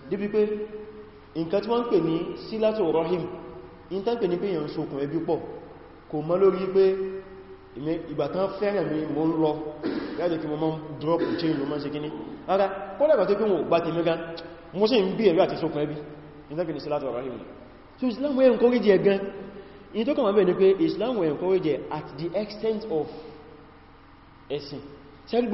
débi pé nǹkan tí wọ́n ń pè ní sílátò rahim in tán pè ní pé yàn sókùn ẹbí pọ̀ kò mọ́ lórí pé ìgbà fẹ́rẹ̀ mi mo ń lọ yàjẹ́ kí mo mọ́ drop chain ló mọ́ sí kíní ara kọ́lẹ̀bà tó kí wọ́n gbá ti mẹ́gá mo sì ń bí ẹ̀rí àti sókùn ẹbí ìdágbìn ìsìlátọ̀ ọ̀rọ̀ ìrìn Islam wey encourage ẹ Islam wey encourage at the extent of ẹ̀sìn hmm,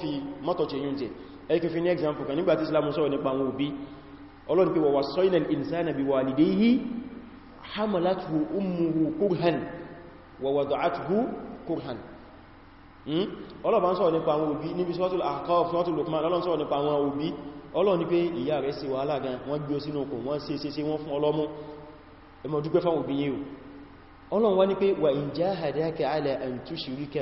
fi mọ́tọ̀ ṣe yún jẹ ẹ̀kì fi ní example kan Islam sọ̀rọ̀ nípa àwọn òbí ọlọ́run pé wọ̀wà sọ́ìnà ìsáànà bí walidayhi hamalatuhu ummuhu kurhan wa wada'atuhu kurhan hmm? ọlọ́bàá sọ́rọ̀ nípa àwọn òbí níbi suratul Ahqaf suratul Luqman ọlọ́run sọ́rọ̀ nípa àwọn òbí ọlọ́run ní pé ìyá rẹ̀ sí wàhálà gan wọ́n gbé sínú ní pé wa in jahadaka ala an tushrika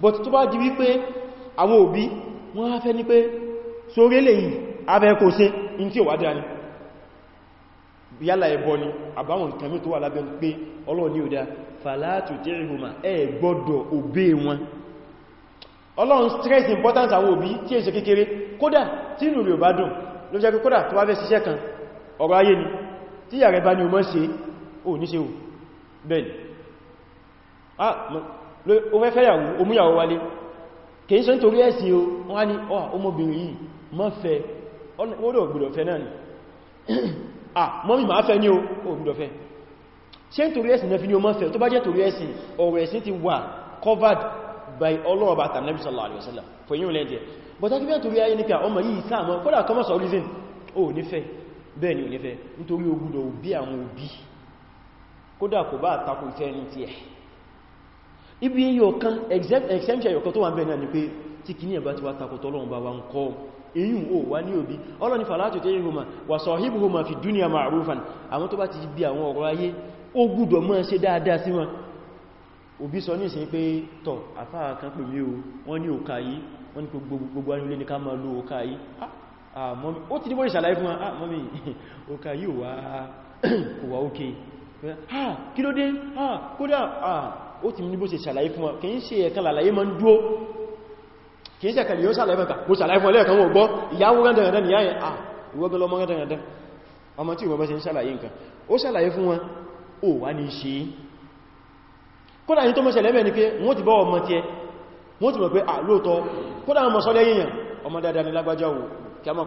but tó bá di wípé àwọn òbí wọ́n á fẹ́ ní pé sórí lè yìí abẹ́ kò sí in tí ò wá dáa ni yálà ẹbọ ni àbáwọn ìkàmí tó wà lábẹ́ pé ọlọ́ọ̀ni ò dáa fàlátù tí ìhùmà ẹ gbọ́dọ̀ òbé wọn ọlọ́run stress importance àwọn òbí tí è ṣe kékeré kódà tí inú rẹ̀ ò bá dùn ló jẹ́ kódà tó wá fẹ́ ṣiṣẹ́ kan ọ̀rọ̀ ayé ni kìí ṣe nítorí ẹ̀sìn o wọ́n ní ọmọbìnrin yìí mọ́ fẹ́ ọdọ̀ ògbìdọ̀fẹ́ náà ni ah mọ́mí máa fẹ́ ní o ògbìdọ̀fẹ́ ṣe nítorí ẹ̀sìn náà fi ní o mọ́ fẹ́ tó bá jẹ́ torí ẹ̀sìn ọ̀rọ̀ ẹ̀sìn covered by ọlọ́ọ̀bá tàbí o ni ibi yọ̀kan exemption yọ̀kan tó wà ń bẹ̀ náà ni pé tí kì ní ẹ̀bá ti wá takọ̀tọ̀ Ọlọ́run bá wá ń kọ́ èyí ò wá ní òbí ọlọ́ni fàlátò tẹ́ ìhùmà wà sahibuhuma fi dúnìyà ma'rufan àwọn tó bá ti bí àwọn ọ̀rọ̀ ayé ó gbúdọ̀ máa ṣe dáadáa lo òkà yìí ah, ah, ó ti díbọ̀ ìṣàlàyé fún wọn ah mọ́mí òkà yìí wà ókè ah, kí ló dé ah kódà ah ó ti ní bó ṣe ṣàlàyé fún wọn kìí ṣe ẹ̀kan làlàyé ma ń dúó kìí ṣe ẹ̀kan lè yóò ṣàlàyé fún mo ṣàlàyé fún ẹlẹ́ẹ̀kan wọ́n gbọ́ ìyàwó rẹ̀ndẹ̀rẹ̀dẹ̀ ni yáyẹn à ìwọ́gbẹ́ lọ mọ́rẹ̀ndẹ̀rẹ̀dẹ̀ ọmọ tí ìwọ́gbẹ́ ṣe ń ṣàlàyé nǹkan ó ṣàlàyé fún wọn ó wá ní ṣe kódà yìí tó mọ́ ṣẹlẹ̀ mẹ́ni pé ni lágbàjá wò kí a mọ̀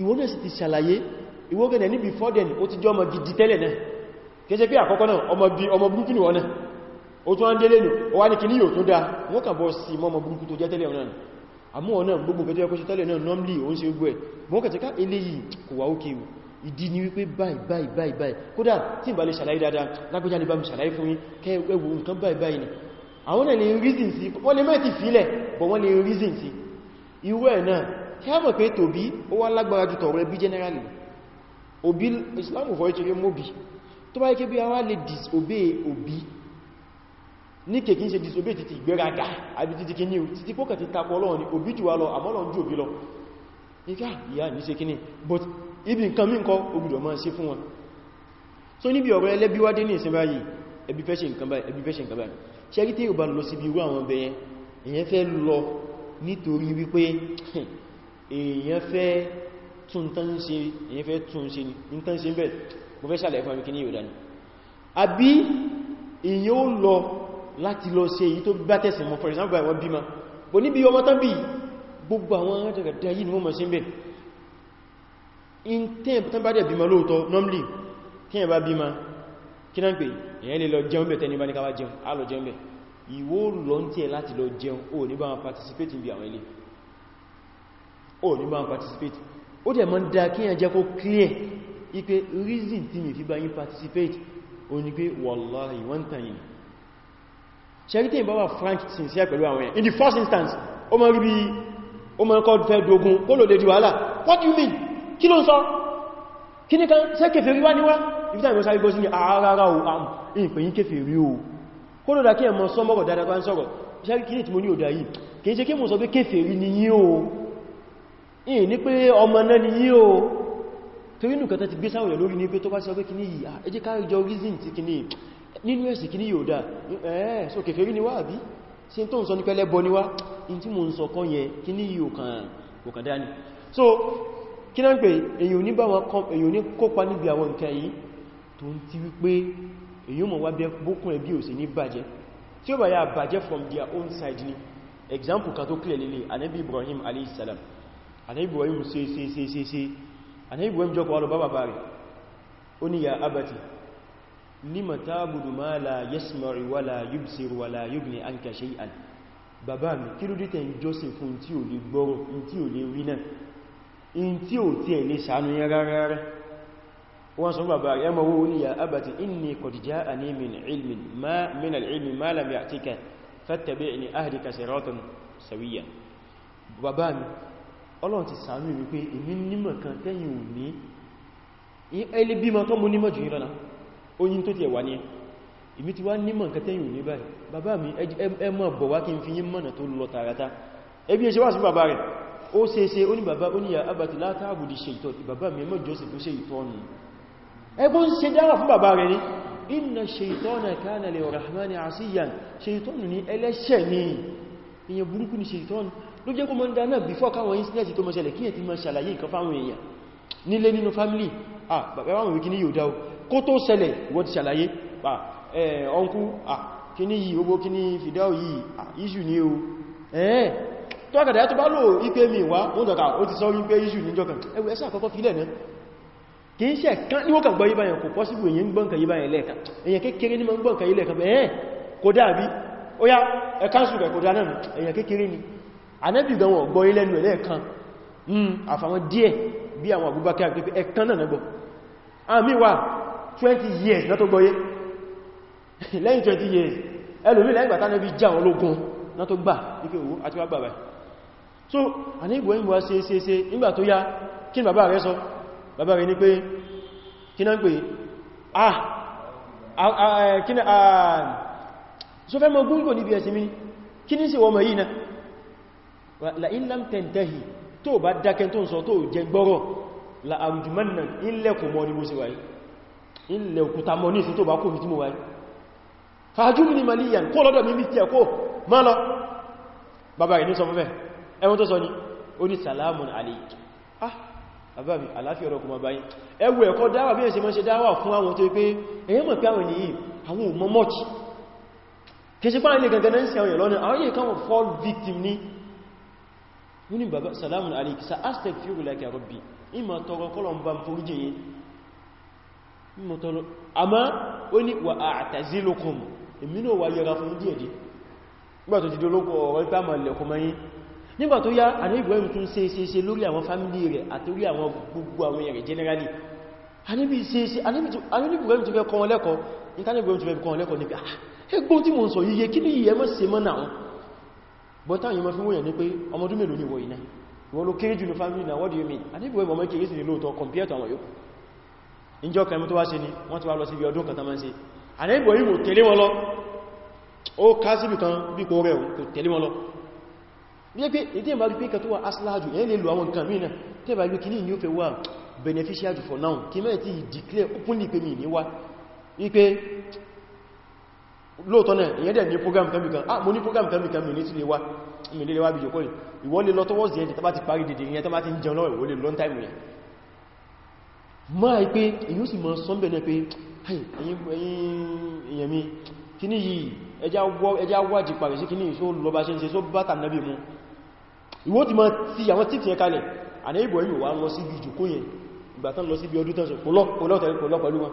ìwọ́n náà sì ti ṣàlàyé ìwọ́gẹ̀nẹ̀ ní before then ó ti jọ ọmọ gidi tẹ́lẹ̀ náà kéje pé àkọ́kọ́ náà ọmọ burúkú ni wọ́n náà ó tún án délé nù ó wá ní kí ní yóò tó dáa wọ́n kàn bọ́ sí mọ́mọ̀ burúkú tó jẹ́ tẹ́lẹ̀ ọ̀nà àmú ọ̀nà gbogbo kẹjọ ẹkọ́ sí tẹ́lẹ̀ náà normally ó ń ṣe gbogbo ẹ̀ mọ́ kẹtẹ́ká eléyìí kò ni wípé báyìí ni reason sí wọ́n lè mẹ́tì fílẹ̀ bọ̀ reason sí irú ẹ̀ náà kí a mọ̀ pé tòbí generally òbí Islam fọ́ ìtìrí mọ́bí tó bá yí kí bí àwọn lè disobey òbí ní kèkí ń ṣe disobey títí ìgbéraga àbí títí kí ní o títí pọ́kà ti tapọ̀ ọlọ́run ni òbí jù wá lọ àmọ́lọ́run jù òbí lọ ìgá ah, ìyá ní ṣe kíní but ibi nǹkan mí nǹkan ogùdọ̀ máa ṣe fún wọn so níbi ọ̀rọ̀ ẹlẹ́bí wádé ní ìsinmi báyìí ẹbí fẹ́ ṣe nǹkan báyìí ẹbí fẹ́ ṣe nǹkan báyìí ṣe rí tí yóò bá lọ sí ibi irú àwọn ọbẹ̀ yẹn èyàn fẹ́ lọ nítorí wípé èyàn fẹ́ tún tán ṣe èyàn fẹ́ tún ṣe ní tán ṣe mo fẹ́ ṣàlẹ̀ fún ẹmìkì ní ìwòdá ni àbí ìyẹn ó lọ láti lọ ṣe èyí tó bá tẹ̀sìn mọ́ for example àwọn bímọ bò níbi ọmọ tán bí gbogbo àwọn ẹ̀dẹ̀gẹ̀dẹ̀ yìí ni wọ́n mọ̀ sí ń bẹ̀ in tẹ́yìn tán bá dẹ̀ bímọ lóòtọ́ normally tẹ́yìn bá bímọ kí náà pé èyàn lè lọ jẹun bẹ̀ tẹ́ni bá ní káwà jẹun á lọ jẹun ó dẹ̀ mọ́ dá kíyàn jẹ́ kó clear ipé reason tí mi fi bá yín participate o ní pé wallahi wọ́n tàn yìí ṣẹ́rí tí ìbáwà frank sincere pẹ̀lú àwọn èèyàn in the first instance ó mọ́ rí bí ó mọ́ ẹkọ́ fẹ́ dogun ó lò lè wàhálà what do you mean kí ló ń sọ kí ní kan ṣe kèfèrí wá níwá ibi tàbí sáré gbọ́ sí ní àárárá ah, o ìpèyín ah, kèfèrí o kó lọ́dá kí ẹmọ sọmọ́rọ̀ dáadáa bá ń sọ̀rọ̀ ṣẹ́rí kí ní tí mo ní òdá yìí torí nùkan tó ti gbé sáwọn lórí ní pé tó bá sọ pé kìní yìí ẹ jẹ́ ká jọ reason ti kìní nínú ẹ̀sì kìní yóò dá ẹ̀ẹ́ so kèfèrí ni wá àbí sí tó ń sọ ní pẹ́lẹ́ bọ́ níwá in tí mo ń sọ kọ́ yẹn kìní so kí náà pé èyàn ní bá wọn kọ́ èyàn ní kópa níbi àwọn nǹkan yìí tó ń ti wípé èyàn mọ̀ ní from their own side ni example kan tó clear lélẹ̀ Ibrahim alayhi salam anabi Ibrahim ṣe ṣe ṣe ṣe àníbù wọ́n jọkọ̀ alùbá bàbá rẹ̀ ó ní ya abati lima ta'budu ma la yasma'u wa la yubsiru wa la yughni anka shay'an bàbá mi kí ló dé tẹ́ ń jọ́sìn fún tí ò lè gbọ́rùn in tí ò lè rí náà in tí ò tí ẹ̀ lè sànú yẹn rárá wọ́n sọ bàbá rẹ̀ ẹmọ owó ní mi ọlọ́run ti sàánú wípé èmi nímọ̀ kan tẹ́yìn ò ní ẹlé bímọ tó mú nímọ̀ jù nílọ́nà oyin tó ti ẹ̀wà ní èmi ti wá nímọ̀ kan tẹ́yìn ò ní báyìí bàbá mi ẹmọ bọ̀ wá kí n fi yín mọ̀nà tó lọ tààràtà ẹbí ẹ ṣe wá sí bàbá rẹ̀ ó ṣe ṣe ó ní bàbá ó ní àbàtì látàbùdì ṣe ìtọ́ bàbá mi mọ̀ ló jẹ́ kó mọ́ dáná before káwọn incident tó mọ́ ṣẹlẹ̀ kí ẹ̀ ti mọ́ ṣàlàyé nǹkan fáwọn èèyàn nílé nínú family ah bàbá wọn wikini yóò dáwó kó tó ṣẹlẹ̀ wọ́n ti ṣàlàyé ah kíní yìí owó kíní fìdáwò ah issue ni o ẹ̀ẹ́ tó àkàdà tó bá lò ipé mi wá wọ́n tọ́ka ó ti sọ wípé issue níjọ́ kan ẹwẹ́ ẹsẹ́ àkọ́kọ́ fílẹ̀ náà kì í ṣe kan ní wọ́n kàn gbọ́ yíbáyàn kò pọ́síbù èyàn gbọ́nkàn yíbáyàn lẹ́ẹ̀kan èyàn ó yá ẹ̀kánsù rẹ̀ kò dáa náà èyàn kékeré ni anẹ́bì gan wọ́n gbọ́ ilẹ́nu ẹ̀lẹ́ kan hmm, àfàwọn díẹ̀ bí àwọn àgbúgbákẹ́ àgbẹ́fẹ́ ẹ̀kan náà gbọ́ àmì wà 20 years náà tó gbọ́yé lẹ́yìn 20 years ẹlòmí lẹ́yìn bàtà náà bí já wọn lógún náà tó gbà nífẹ́ owó àti so anẹ́bì wọ́n wá ṣeéṣeéṣe nígbà tó yá kí bàbá rẹ̀ sọ bàbá rẹ̀ ní pé kí náà ń pè ah kí náà so ah, fẹ́ mọ gúngò níbi ẹ̀sìn mi kí ní sí wọ́n mọ̀ yìí náà la'in lam tẹ̀ntẹ́hì tó bá dákẹ́ tó ń sọ tó jẹ gbọ́rọ̀ la àrùjùmọ́nà ilẹ̀kùn mọ́ ní mo sì wáyé ilẹ̀ òkúta mọ́ ní ìsìn tó bá kò fi tí mo wáyé fàájúmù ní maliyan kó lọ́dọ̀ mi mítí ẹ̀kó má lọ bàbá ah bàbá mi àláfíà ọ̀rọ̀ kùnmọ̀ báyìí ẹwù ẹ̀kọ́ dáwà bí ẹ̀sẹ̀ mọ́ ṣe dáwà fún àwọn tó pé èyàn mọ̀ pé àwọn ènìyàn àwọn ò mọ́ mọ́ọ̀tì kìí sí pàrínlẹ̀ gangan náà ń ṣe àwọn èèyàn lọ́nà àwọn èèyàn kan wọ́n victim ní wọ́n ni bàbá salamun alaiki sa astaghfiru laka rabbi ima tọrọ kọlọm bá ń forí jẹyẹ ima tọrọ àmá ó ní wà a'tazilukum èmi náà wà yẹra fún díẹ̀dí nígbà tó ti dolóko ọ̀rọ̀ ipá ma lẹ̀kọ́ mayín nígbà tó yá àná Ibrahim tún ṣe ṣe ṣe lórí àwọn fámílì rẹ̀ àtorí àwọn gbogbo àwọn ẹ̀rẹ̀ generally àníbi ṣe ṣe àníbi Ibrahim tún fẹ́ kọ́ wọn lẹ́kọ́ but táwọn ma fi wòyàn ní pé ọmọdún mélòó ní wọ iná wọ́n ló kéré na what do you mean adébíwẹ́ ọmọ kéré sí ní lóòtọ́ compare to àwọn yóò ìjọ kan tó wá ṣe ni wọ́n ti wá lọ sí ibi ọdún kan tamá ṣe adébíwẹ́ ìwò tẹ̀lé wọn lọ ó ká síbi kan i lóòtọ́ náà ìyẹn dẹ̀ ní program kẹ́mìkan ah mo ní program kẹ́mìkan mi ní tí lè wá mi lè wá bí jòkó yìí ìwọ lè lọ towards the end tó bá ti parí dìde ìyẹn tó bá ti ń jẹun lọ́wọ́ ìwọ lè long time yẹn máa pé èyí sì mọ́ sọ́mbẹ̀ náà pé èyàn mi kí ní yìí ẹjá wájì parí sí kí ní ìṣó lọ bá ṣe ń ṣe só bá tàbí mu ìwọ ti mọ́ ti àwọn títì yẹn kalẹ̀ àdẹ́ ìbọ̀ yìí wà lọ sí bí jòkó yẹn ìgbà tán lọ sí bí ọdún tán sọ kò lọ pẹ̀lú wọn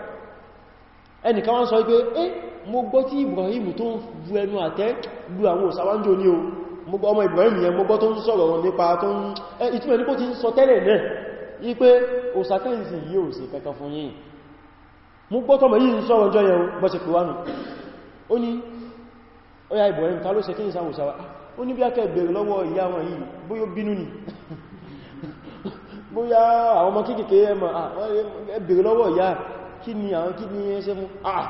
ẹnìkan wọ́n sọ wípé eh mo gbọ́ tí Ibrahim tó ń bu ẹnu àtẹ́ lu àwọn òsàwánjò ní o mo gbọ́ ọmọ Ibrahim yẹn mo gbọ́ tó ń sọ̀rọ̀ wọn nípa tó ń ìtumẹ̀ ní kó ti ń sọ tẹ́lẹ̀ náà wípé òsàtẹ́ǹsì yìí ò sí kankan fún yìí mo gbọ́ tọmọ yìí ń sọ̀rọ̀ jọ yẹn bọ́ sí pé wánu ó ní ọya Ibrahim ta ló ṣe kí ìsàwọn òsàwá ah, ó ní bí akẹ́ bèèrè lọ́wọ́ ìyá wọn yìí bóyó bínú ni bóyá àwọn ọmọ kéèkéé ẹ̀mọ̀ ah, ẹ̀bèèrè lọ́wọ́ ìyá kí ni àwọn kí ni yẹn ṣe mú àà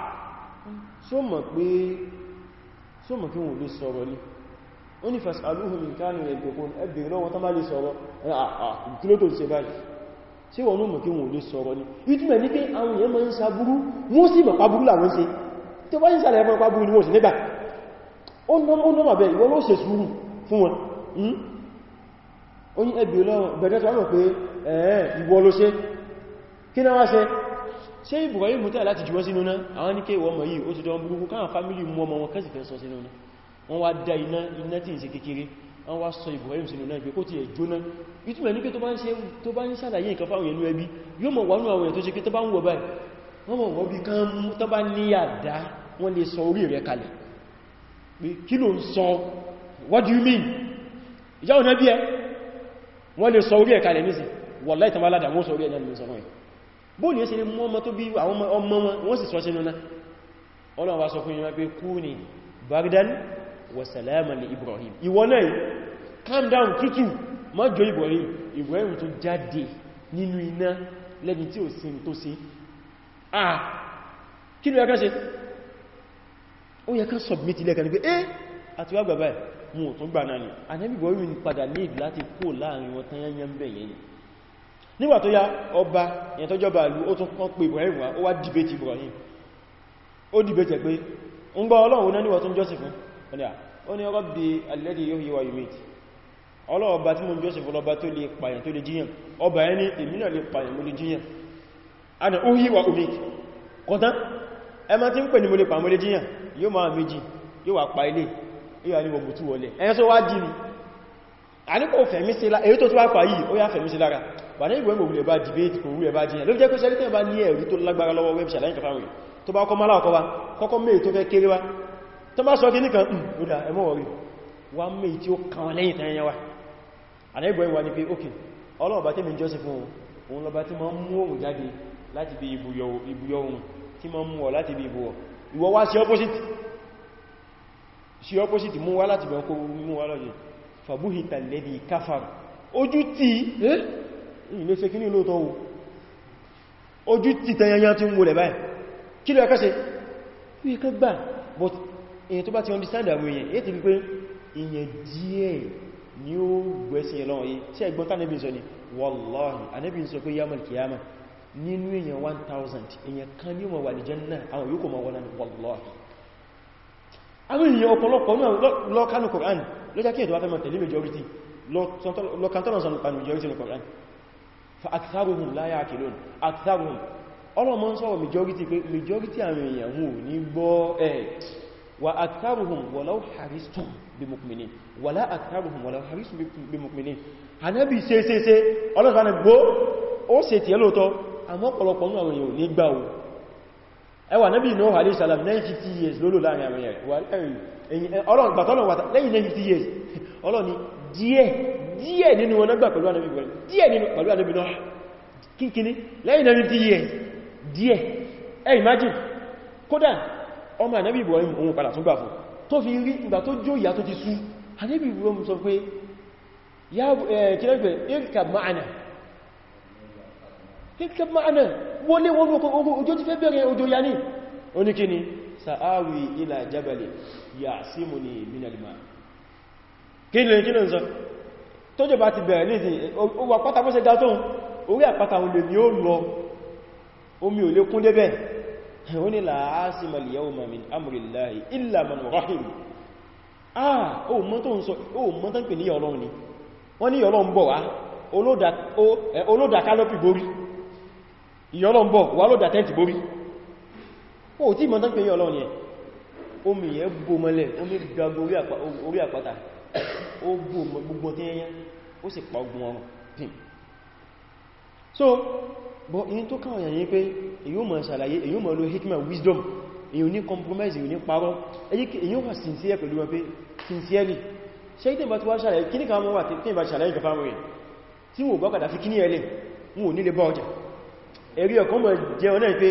ṣọ́mọ̀ pé ṣọ́mọ̀ kí wọ́n lè sọ̀rọ̀ ní ó ní fasaluhu min kanu ẹgbẹ̀kún ẹgbẹ̀rẹ̀ lọ́wọ́ tán bá lè sọ̀rọ̀ kílótò ṣe báyìí ṣe wọ́n mọ̀ kí wọ́n lè sọ̀rọ̀ ní ìtumẹ̀ ní pé àwọn èèyàn máa ń sa burú wọ́n sì mọ̀ pàbúrú làwọn ṣe tó bá ń sàlẹ̀ ẹ̀mọ́ pàbúrú ni wọ́n sì nígbà ó nọ́mà bẹ̀ ìwọ́n ló ìwọ́ ló ṣe ṣe Ibrahim tẹ́ láti jùwọ́ sínú náà àwọn ní kéèwọ́ mọ̀ yìí ó ti jọ burúkú káwọn fámílì mú ọmọ wọn kẹsì fẹ́ sọ sínú náà wọ́n wá dá iná iná tí ń ṣe kékeré wọ́n wá sọ Ibrahim sínú náà pé kó ti ẹ̀ jóná ìtumọ̀ ní pé tó bá ń ṣàlàyé nǹkan fáwọn ẹnu ẹbí yóò mọ̀ wánú àwọn ẹ̀ tó ṣe pé tó bá ń wọ̀ báyìí wọ́n mọ̀ wọ́n bí kan mú tó bá ní àdá wọ́n lè sọ orí rẹ̀ kalẹ̀ pé kí ló wọ́n sọ orí ẹ̀ kalẹ̀ sọ orí ẹ̀ bóòlù yẹ́ sí ni mọ́ ọmọ tó bí àwọn ọmọ wọn wọ́n sì sọ sínú náà ọlọ́run wá sọ fún yín pé kú ní bardan wa salama Ibrahim ìwọ náà calm down tútù má jọ Ibrahim Ibrahim tó jáde nínú iná lẹ́ni tí ò sí tó sí ah kí ló yẹ ká ṣe ó yẹ ká submit ilẹ̀ kan ní pé eh àti wá gbàbá ẹ̀ mú ò tún gbà náà ni ànábì ni nígbà tó yá ọba ìyẹn tó jọba ìlú ó tún kàn pé Ibrahim wá ó wá dìbẹ̀tì Ibrahim ó dìbẹ̀tì pé ń gbọ́ Ọlọ́run náà níwọ̀ tún jọ́sìn fún ó ní Rabbi alladhi yuhyi wa yumeet ọlọ́ọ̀bá tí mo jọ́sìn fún ọba tó lè pààyàn ana uhi wa umik kọtán ẹmà tí ń pè ní mo lè pààyàn mo lè jíyàn yóò máa méjì yóò wà pa ilé yóò wà ní gbogbo tú wọlé wà ní ìgbẹ̀mù òwúlẹ̀ bá dìbẹ̀tì kò wúlẹ̀ bá jíyàn ló jẹ́ kó sẹ́rí tẹ́ bá ní ẹ̀rí tó lágbára lọ́wọ́ wẹ́bṣà láyìn kàfàwẹ̀ ni pé ókè ọlọ́ọ̀bá tí mi jọ́sí fún òun lọba tí ma ń mú òun jáde láti bí ibùyọ òun tí ma ń mú ọ láti bí ibùwọ̀ ìwọ wá sí opposite sí opposite mú wá láti bẹ̀ ọkọ̀ mú wá ilé ṣe kí ní lóòtọ́ wo ojú ti tẹyanya tí ń wọlẹ̀ báyìí kí ló ẹ̀kọ́ ṣe wí kẹ́ gbà but èyàn tó bá ti understand àwọn èyàn èyí ti fi pé èyàn díẹ̀ ni ó gbẹ̀ẹ́sìn ẹ̀ lọ́wọ́ yìí tí ẹgbọ́n tánẹ́bí sọ ni wallahi anẹ́bí sọ pé yamal kiyama nínú èyàn 1000 èyàn kan ní wọ̀n wà ní jẹ́nà àwọn yóò kò mọ̀ wọ́n náà wallahi àwọn èyàn fa'aktaruhun láyá àkìlón aktaruhun ọlọ́mọ ń sọ́wọ́ majority pé majority àwọn èèyàn mú ní gbọ́ ẹ̀ wà aktaruhun wọ́lá haristun bí mukmini wàlá aktaruhun wọ́lá haristun bí mukmini anábi ṣe ṣe ṣe ọlọ́sánà gbó ó ṣe tí ẹlòótọ́ àmọ́ ọ̀pọ̀lọpọ̀ àwọn èèyàn ní gbà ó ẹwà nábi ní ọ̀hà alẹ́ ìsàlám 90 years lólò láàrin àwọn èèyàn ọlọ́run gbàtọ́lọ̀ wàtà lẹ́yìn 90 years ọlọ́ni díẹ̀ díẹ̀ nínú wọn gbà pẹ̀lú ànábì Ibrahim díẹ̀ nínú pẹ̀lú ànábì Nuh kíkíní lẹ́yìn náà díẹ̀ díẹ̀ ẹ imagine kódà ọmọ ànábì Ibrahim ohun padà tún gbà fún tó fi rí ìgbà tó jó ìyá tó ti sú ànábì Ibrahim sọ pé ya kílẹ̀gbẹ̀ irkab ma'ana irkab ma'ana wọlé wọlé ojú ti fẹ́ bẹ̀rẹ̀ ojú ya sa'awi ila jabali ya'simuni minal ma' kí ni kí ni sọ tó jẹ́ bá ti bẹ̀rẹ̀ ní ìsìn ogun àpáta bó ṣe ga tóun orí àpáta olè ni ó lọ omi ò lè kún débẹ̀ ó ní la'asima al-yawma min amrillahi illa man rahim ah o mọ́ tó ń sọ o mọ́ tó ń pè ní ọlọ́run ni wọ́n ní ọlọ́run bọ̀ wá olódà kálọ́pì borí ìyọ́lọ́run bọ̀ wá lódà tẹ́ntì borí o tí mọ́ tó ń pè ní ọlọ́run yẹn omi yẹn bó mọ́lẹ̀ omi gago orí àpáta ó gbogbo tẹ́yẹn ó sì pa ogun ọrùn pin hmm. so bọ̀ in tó káwọn yẹn pé èyí ò mọ̀ ṣàlàyé èyí ò mọ̀ lo hikma wisdom èyí ò ní compromise èyí ò ní parọ́ èyí ò wà sincere pẹ̀lú wọn pé sincerely ṣe ìtẹ́bà tí wá ṣàlàyé kí ní ká mọ́ wà tí ìbá ṣàlàyé gafà mọ́ rẹ̀ tí wò gbọ́kàdà fi kí ní ẹlẹ́ wọn ò nílé bá ọjà ẹ̀rí ọkọ̀ mọ̀ jẹ́ ọ̀nà pé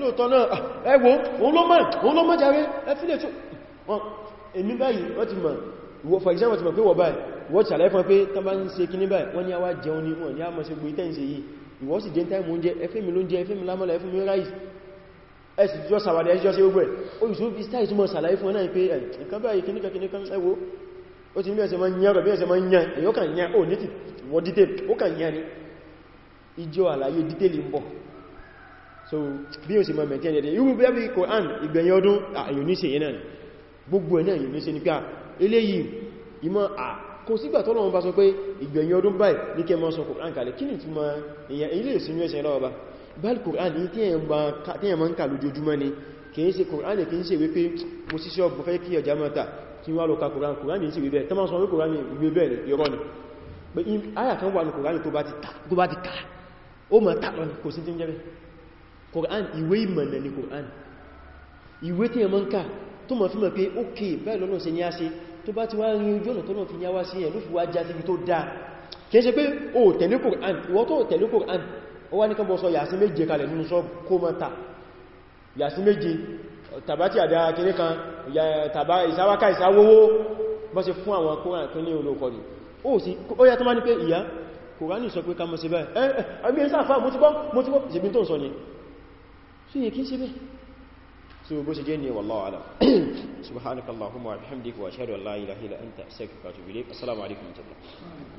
lóòtọ́ náà ah, ẹgbò òun ló mọ̀ jàre ẹfílẹ̀ tó èmi báyìí wọ́n ti mọ̀ ìwọ for example ti mọ̀ pé wọ báyìí wọ́n ṣàlàyé fún pé tán bá ń ṣe kí ní báyìí wọ́n ni a wá jẹun ní wọ́n ni a mọ̀ sí gbé tẹ́ ń ṣe yìí ìwọ sì jẹ́ táìmù oúnjẹ ẹfẹ́ mi ló ń jẹ ẹfẹ́ mi lámọ́lá ẹfẹ́ mi ráìs ẹ̀sì jọ sàwàdà ẹ̀sì jọ sí gbogbo ẹ̀ ó yìí tó fi stáì túnmọ̀ ṣàlàyé fún náà pé ẹ̀kan báyìí kíníkà kíníkà ẹwọ ó ti ní bí ẹsẹ̀ máa ń yán rẹ̀ bí ẹsẹ̀ máa ń yán èyí ó kàn yán ó ní ti wọ dítẹ̀ ó kàn yán ni ìjọ àlàyé dítẹ̀lì ń so bí o sì máa mẹ̀tẹ́ ẹ̀dẹ̀ irú bí i Quran ìgbẹ̀yìn ọdún àyùníṣe yẹn náà gbogbo ẹ̀ náà àyùníṣe ní pé eléyìí ìmọ̀ à kò sígbà tọ́lọ́run bá sọ pé ìgbẹ̀yìn ọdún báyìí ní kẹ́ sọ Kùránì kalẹ̀ kí ni túnmọ̀ èyàn ilé ìsinú ẹ̀ṣẹ̀ lọ́wọ́ bá báyìí Kùránì tí èyàn ń kà lójoojúmọ́ ni kìí ṣe Kùránì kìí ṣe wípé mo sí ṣọ́ọ̀bù fẹ́ kí ọjà mọ́ta kí wá lọ ka Kùránì Kùránì sí wíbẹ̀ tó má ni irọ́ ni pé áyà kan wà ní ni Kùránì ìwé tí èyàn ma ń kà tó mọ̀ fí mọ̀ pé ókè báyìí lọ́nà ṣe ní tó bá ti wá rí ojú ọ̀nà tó náà fi yáwá sí ẹ̀ ló fi wá já síbi tó dáa kìí ṣe pé o tẹ̀lé Kùránì ìwọ tó tẹ̀lé Kùránì ó wá ní kán bọ́ sọ yàsí méje kalẹ̀ nínú sọ kó mọ́ ta yàsí méje tàbá tí àdá kéré kan tàbá ìsáwáká ìsáwówó bọ́ sí fún àwọn Kùránì tó ní olóòkọ́ ni ó yá tó má ní pé ìyá Kùránì sọ pé ká mọ́ eh, eh, sí bẹ́ẹ̀ so bó ṣe jẹ́ ní wallahu a'lam subhanakallahumma wa bihamdika wa ashhadu an la ilaha illa anta astaghfiruka wa atubu ilayk assalamu alaikum wa rahmatullahi